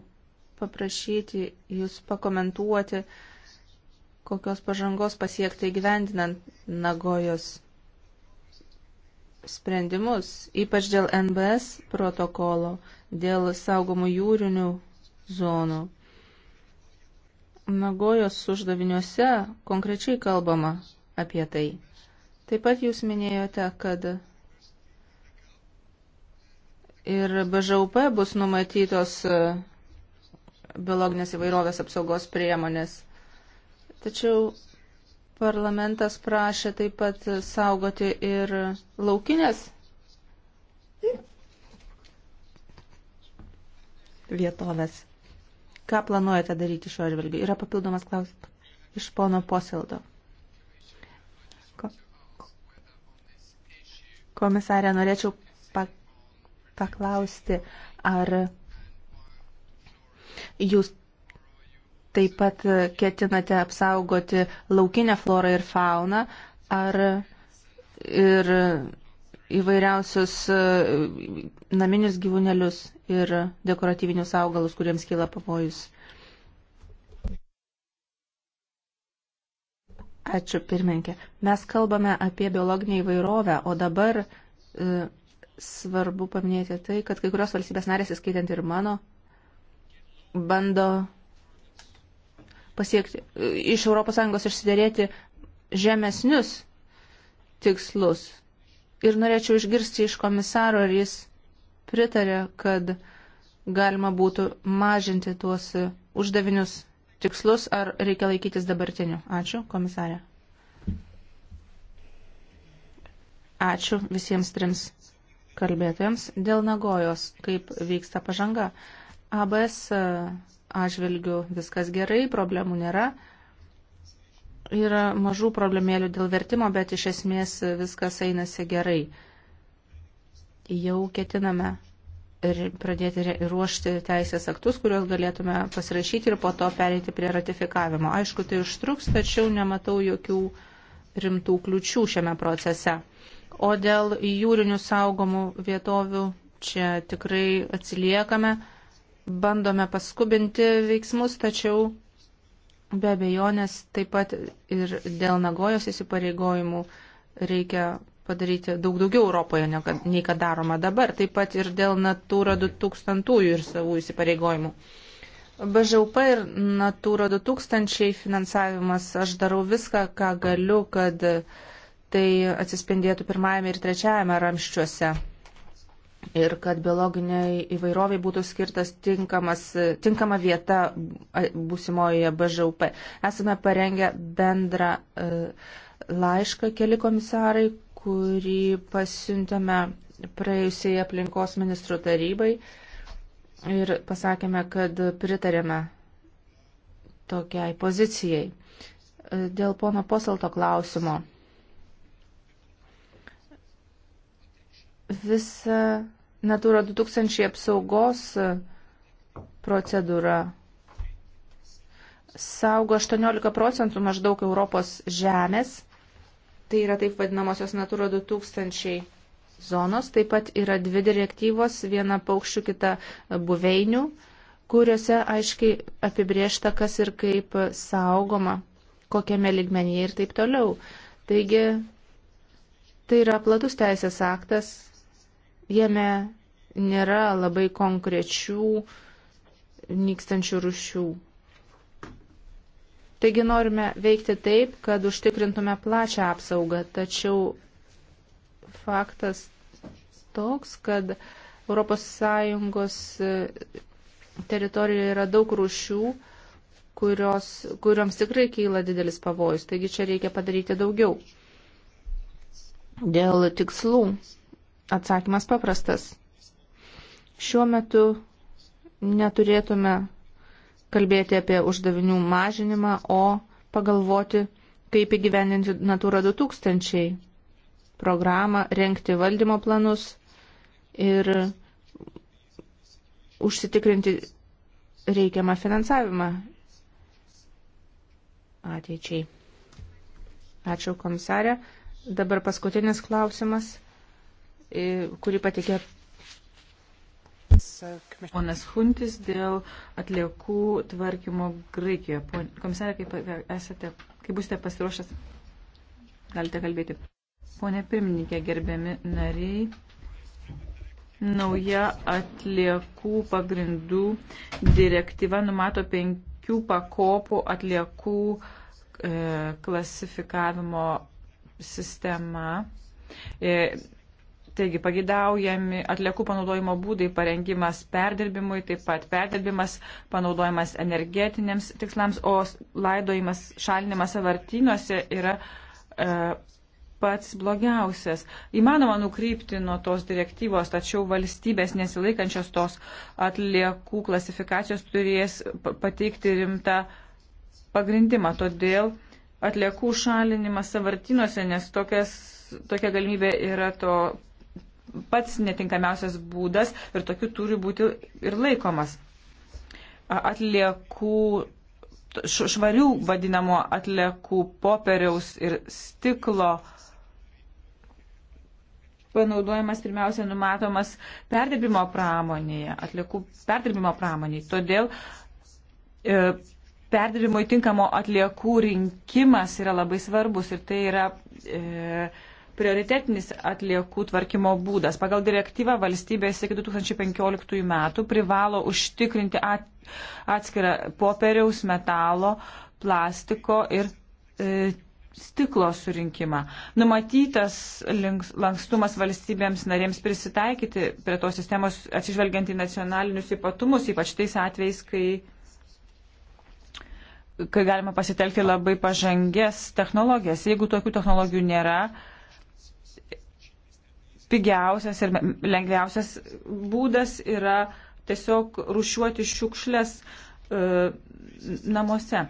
paprašyti jūs pakomentuoti, uh, kokios pažangos pasiekti įgyvendinant Nagojos sprendimus, ypač dėl NBS protokolo, dėl saugomų jūrinių zonų. Nagojos uždaviniuose konkrečiai kalbama apie tai. Taip pat jūs minėjote, kad ir BŽUP bus numatytos biologinės įvairovės apsaugos priemonės. Tačiau parlamentas prašė taip pat saugoti ir laukinės vietovės. Ką planuojate daryti šiuo atžvilgiu? Yra papildomas klausimas iš pono Posildo. Ko? Komisarė, norėčiau paklausti, ar jūs taip pat ketinate apsaugoti laukinę florą ir fauną, ar ir įvairiausius e, naminius gyvūnelius ir dekoratyvinius augalus, kuriems kyla pavojus. Ačiū, pirmininkė. Mes kalbame apie biologinę įvairovę, o dabar e, svarbu paminėti tai, kad kai kurios valstybės narės, įskaitant ir mano, bando pasiekti, e, iš ES išsiderėti žemesnius tikslus. Ir norėčiau išgirsti iš komisaro, ar jis pritarė, kad galima būtų mažinti tuos e, uždavinius tikslus, ar reikia laikytis dabartinių. Ačiū, komisarė. Ačiū visiems trims kalbėtojams dėl Nagojos, kaip vyksta pažanga. ABS atžvilgių viskas gerai, problemų nėra. Yra mažų problemėlių dėl vertimo, bet iš esmės viskas einasi gerai. Jau ketiname ir pradėti ruošti teisės aktus, kuriuos galėtume pasirašyti ir po to pereiti prie ratifikavimo. Aišku, tai užtruks, tačiau nematau jokių rimtų kliučių šiame procese. O dėl jūrinių saugomų vietovių čia tikrai atsiliekame bandome paskubinti veiksmus, tačiau be abejonės taip pat ir dėl Nagojos įsipareigojimų reikia padaryti daug daugiau Europoje, nei kad daroma dabar, taip pat ir dėl Natūra 2000 ir savų įsipareigojimų. BŽUP ir Natūra 2000 finansavimas, aš darau viską, ką galiu, kad tai atsispindėtų pirmajame ir trečiajame ramščiuose ir kad biologiniai įvairoviai būtų skirtas tinkamas, tinkama vieta būsimoje BŽUP. Esame parengę bendrą e, laišką keli komisarai, kurį pasiuntėme praėjusiai aplinkos ministrų tarybai ir pasakėme, kad pritarėme tokiai pozicijai. E, dėl pono posalto klausimo visa Natūra 2000 apsaugos e, procedūra saugo 18 procentų maždaug Europos žemės. Tai yra taip vadinamosios Natūra 2000 zonos. Taip pat yra dvi direktyvos, viena paukščių, kita e, buveinių, kuriuose aiškiai apibriešta, kas ir kaip saugoma, kokiame ligmenyje ir taip toliau. Taigi, tai yra platus teisės aktas, Jame nėra labai konkrečių nykstančių rušių. Taigi norime veikti taip, kad užtikrintume plačią apsaugą, tačiau faktas toks, kad ES e, teritorijoje yra daug rūšių, kurios, kuriams tikrai keila didelis pavojus, taigi čia reikia padaryti daugiau. Dėl tikslų Atsakymas paprastas. Šiuo metu neturėtume kalbėti apie uždavinių mažinimą, o pagalvoti, kaip įgyvendinti Natura 2000 programą, renkti valdymo planus ir užsitikrinti reikiamą finansavimą ateičiai. Ačiū komisarė. Dabar paskutinis klausimas kurį patikė ponas Huntis dėl atliekų tvarkymo Graikijoje. Komisarė, kaip, esate, kaip būsite pasiruošęs, galite kalbėti. Pone pirmininkė, gerbiami nariai, nauja atliekų pagrindų direktyva numato penkių pakopų atliekų e, klasifikavimo sistema. E, Taigi pagidaujami atliekų panaudojimo būdai parengimas perdirbimui, taip pat perdirbimas, panaudojimas energetiniams tikslams, o laidojimas, šalinimas savartynuose yra e, pats blogiausias. Įmanoma nukrypti nuo tos direktyvos, tačiau valstybės nesilaikančios tos atliekų klasifikacijos turės pateikti rimtą pagrindimą. Todėl atliekų šalinimas savartynuose, nes tokias, tokia galimybė yra to pats netinkamiausias būdas ir tokiu turi būti ir laikomas. Atliekų, švarių vadinamo atliekų popieriaus ir stiklo panaudojimas pirmiausia numatomas perdirbimo pramonėje, atliekų perdirbimo pramonėje. Todėl e, perdirbimo įtinkamo atliekų rinkimas yra labai svarbus ir tai yra e, prioritetinis atliekų tvarkymo būdas. Pagal direktyvą valstybės iki 2015 metų privalo užtikrinti atskirą popieriaus, metalo, plastiko ir e, stiklo surinkimą. Numatytas lankstumas valstybėms narėms prisitaikyti prie tos sistemos atsižvelgiant į nacionalinius ypatumus, ypač tais atvejais, kai kai galima pasitelkti labai pažangės technologijas. Jeigu tokių technologijų nėra, pigiausias ir lengviausias būdas yra tiesiog rušiuoti šiukšlės e, namuose.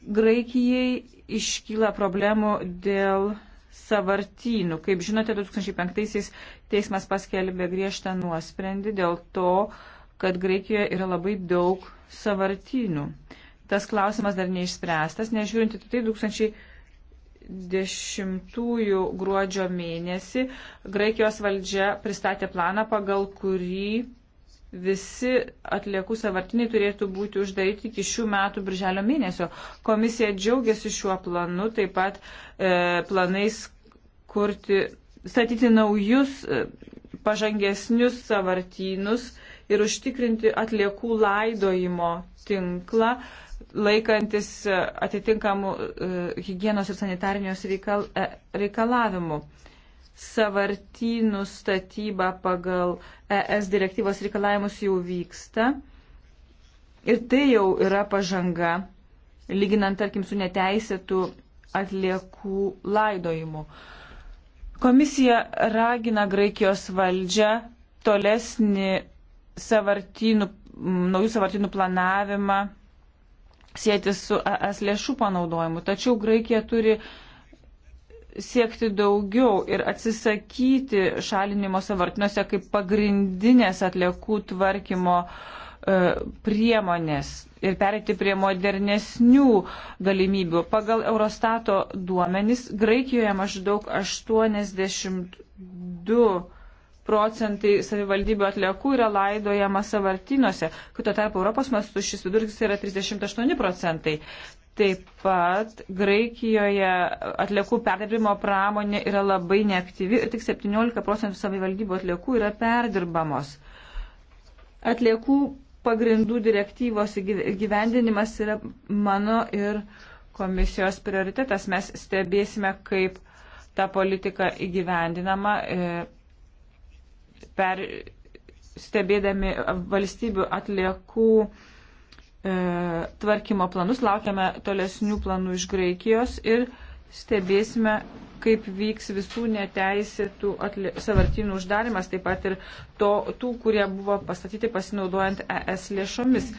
Graikijai iškyla problemų dėl savartynų. Kaip žinote, 2005-aisiais teismas paskelbė griežtą nuosprendį dėl to, kad Graikijoje yra labai daug savartynų. Tas klausimas dar neišspręstas, nežiūrinti tai 2000 2010 gruodžio mėnesį Graikijos valdžia pristatė planą, pagal kurį visi atliekų savartiniai turėtų būti uždaryti iki šių metų birželio mėnesio. Komisija džiaugiasi šiuo planu, taip pat e, planais kurti, statyti naujus e, pažangesnius savartynus ir užtikrinti atliekų laidojimo tinklą. E, laikantis atitinkamų e, hygienos ir sanitarinios reikal, e, reikalavimų. Savartynų statyba pagal ES direktyvos reikalavimus jau vyksta ir tai jau yra pažanga, lyginant, tarkim, su neteisėtų atliekų laidojimu. Komisija ragina Graikijos valdžią tolesnį savartynų, naujų savartynų planavimą sėti su ES lėšų panaudojimu. Tačiau Graikija turi siekti daugiau ir atsisakyti šalinimo savartinuose kaip pagrindinės atliekų tvarkymo e, priemonės ir perėti prie modernesnių galimybių. Pagal Eurostato duomenys Graikijoje maždaug 82 procentai savivaldybių atliekų yra laidojama savartinuose, kai tuo tarpu Europos mastu šis vidurkis yra 38 procentai. Taip pat Graikijoje atliekų perdirbimo pramonė yra labai neaktyvi ir tik 17 procentų savivaldybių atliekų yra perdirbamos. Atliekų pagrindų direktyvos gyvendinimas yra mano ir komisijos prioritetas. Mes stebėsime, kaip ta politika įgyvendinama. E, per stebėdami valstybių atliekų e, tvarkymo planus, laukiame tolesnių planų iš Graikijos ir stebėsime, kaip vyks visų neteisėtų atlie... savartynų uždarimas, taip pat ir to, tų, kurie buvo pastatyti pasinaudojant ES lėšomis.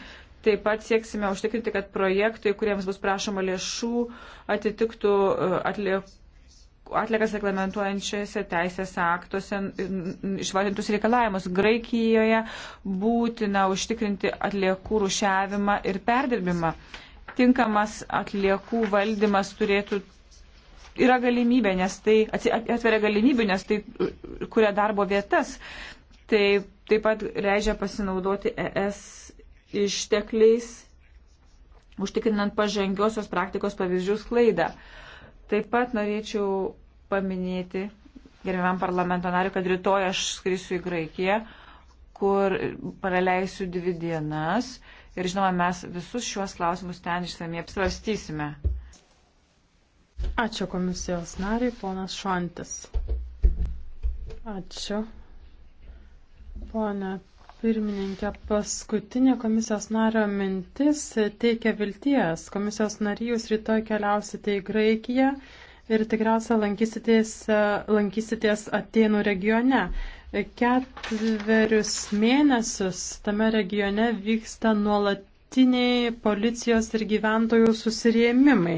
Taip pat sieksime užtikrinti, kad projektai, kuriems bus prašoma lėšų, atitiktų e, atliekų atlikas reglamentuojančiose teisės aktuose išvardintus reikalavimus. Graikijoje būtina užtikrinti atliekų rušiavimą ir perdirbimą. Tinkamas atliekų valdymas turėtų. Yra galimybė, nes tai atveria galimybių, nes tai uh, kuria darbo vietas. Tai taip pat leidžia pasinaudoti ES ištekliais, užtikrinant pažangiosios praktikos pavyzdžių sklaidą. Taip pat norėčiau paminėti gerbiamam parlamento nariu, kad rytoj aš skrisiu į Graikiją, kur praleisiu dvi dienas. Ir žinoma, mes visus šiuos klausimus ten išsamei apsvarstysime. Ačiū komisijos nariai, ponas Šantis. Ačiū. Pone pirmininkė, paskutinė komisijos nario mintis teikia vilties. Komisijos narys rytoj keliausite į Graikiją ir tikriausia lankysitės, lankysitės Atenų regione. Ketverius mėnesius tame regione vyksta nuolatiniai policijos ir gyventojų susirėmimai.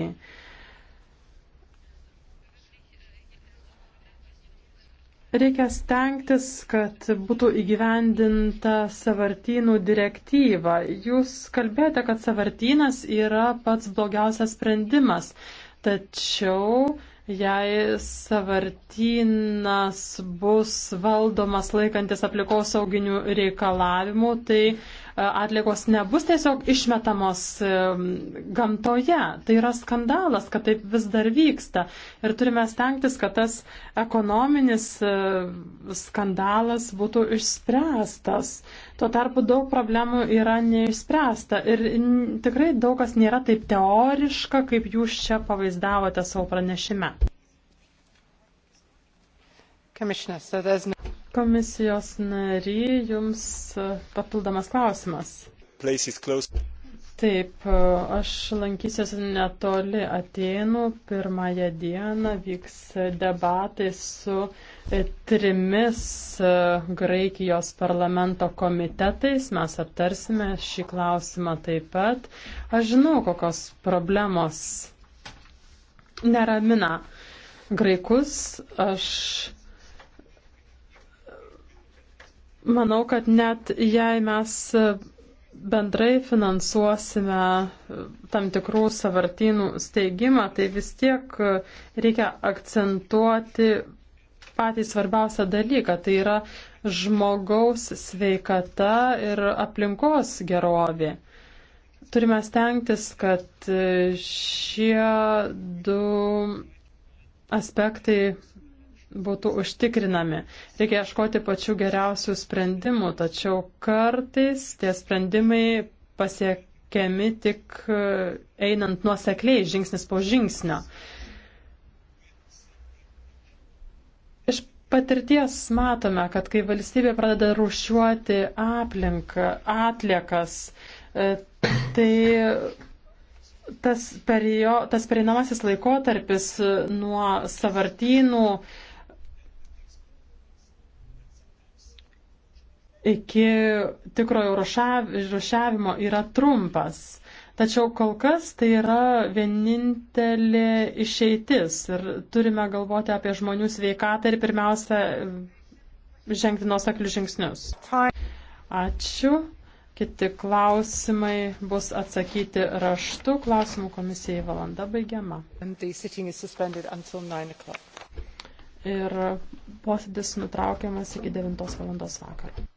Reikia stengtis, kad būtų įgyvendinta savartynų direktyva. Jūs kalbėjote, kad savartynas yra pats blogiausias sprendimas. Tačiau jei savartynas bus valdomas laikantis aplikosauginių reikalavimų, tai atlikos nebus tiesiog išmetamos gamtoje. Tai yra skandalas, kad taip vis dar vyksta. Ir turime stengtis, kad tas ekonominis skandalas būtų išspręstas. Tuo tarpu daug problemų yra neišspręsta. Ir tikrai daug kas nėra taip teoriška, kaip jūs čia pavaizdavote savo pranešime. Komisijos nary, jums e, papildomas klausimas. Taip, e, aš lankysiuosi netoli Atenų. Pirmąją dieną vyks debatai su e, trimis Graikijos parlamento komitetais. Mes aptarsime šį klausimą taip pat. Aš žinau, kokios problemos neramina graikus. Aš Manau, kad net jei mes bendrai finansuosime tam tikrų savartynų steigimą, tai vis tiek reikia akcentuoti patį svarbiausią dalyką, tai yra žmogaus sveikata ir aplinkos gerovė. Turime stengtis, kad šie du aspektai būtų užtikrinami. Reikia ieškoti pačių geriausių sprendimų, tačiau kartais tie sprendimai pasiekiami tik e, einant nuosekliai žingsnis po žingsnio. Iš patirties matome, kad kai valstybė pradeda rušiuoti aplinką, atliekas, e, tai tas, perio, tas pereinamasis laikotarpis e, nuo savartynų, iki tikrojo rušiavimo yra trumpas. Tačiau kol kas tai yra vienintelė išeitis ir turime galvoti apie žmonių sveikatą ir pirmiausia e, žengti nuoseklius žingsnius. Ačiū. Kiti klausimai bus atsakyti raštu. Klausimų komisijai valanda baigiama. Ir posėdis nutraukiamas iki 9 valandos vakaro.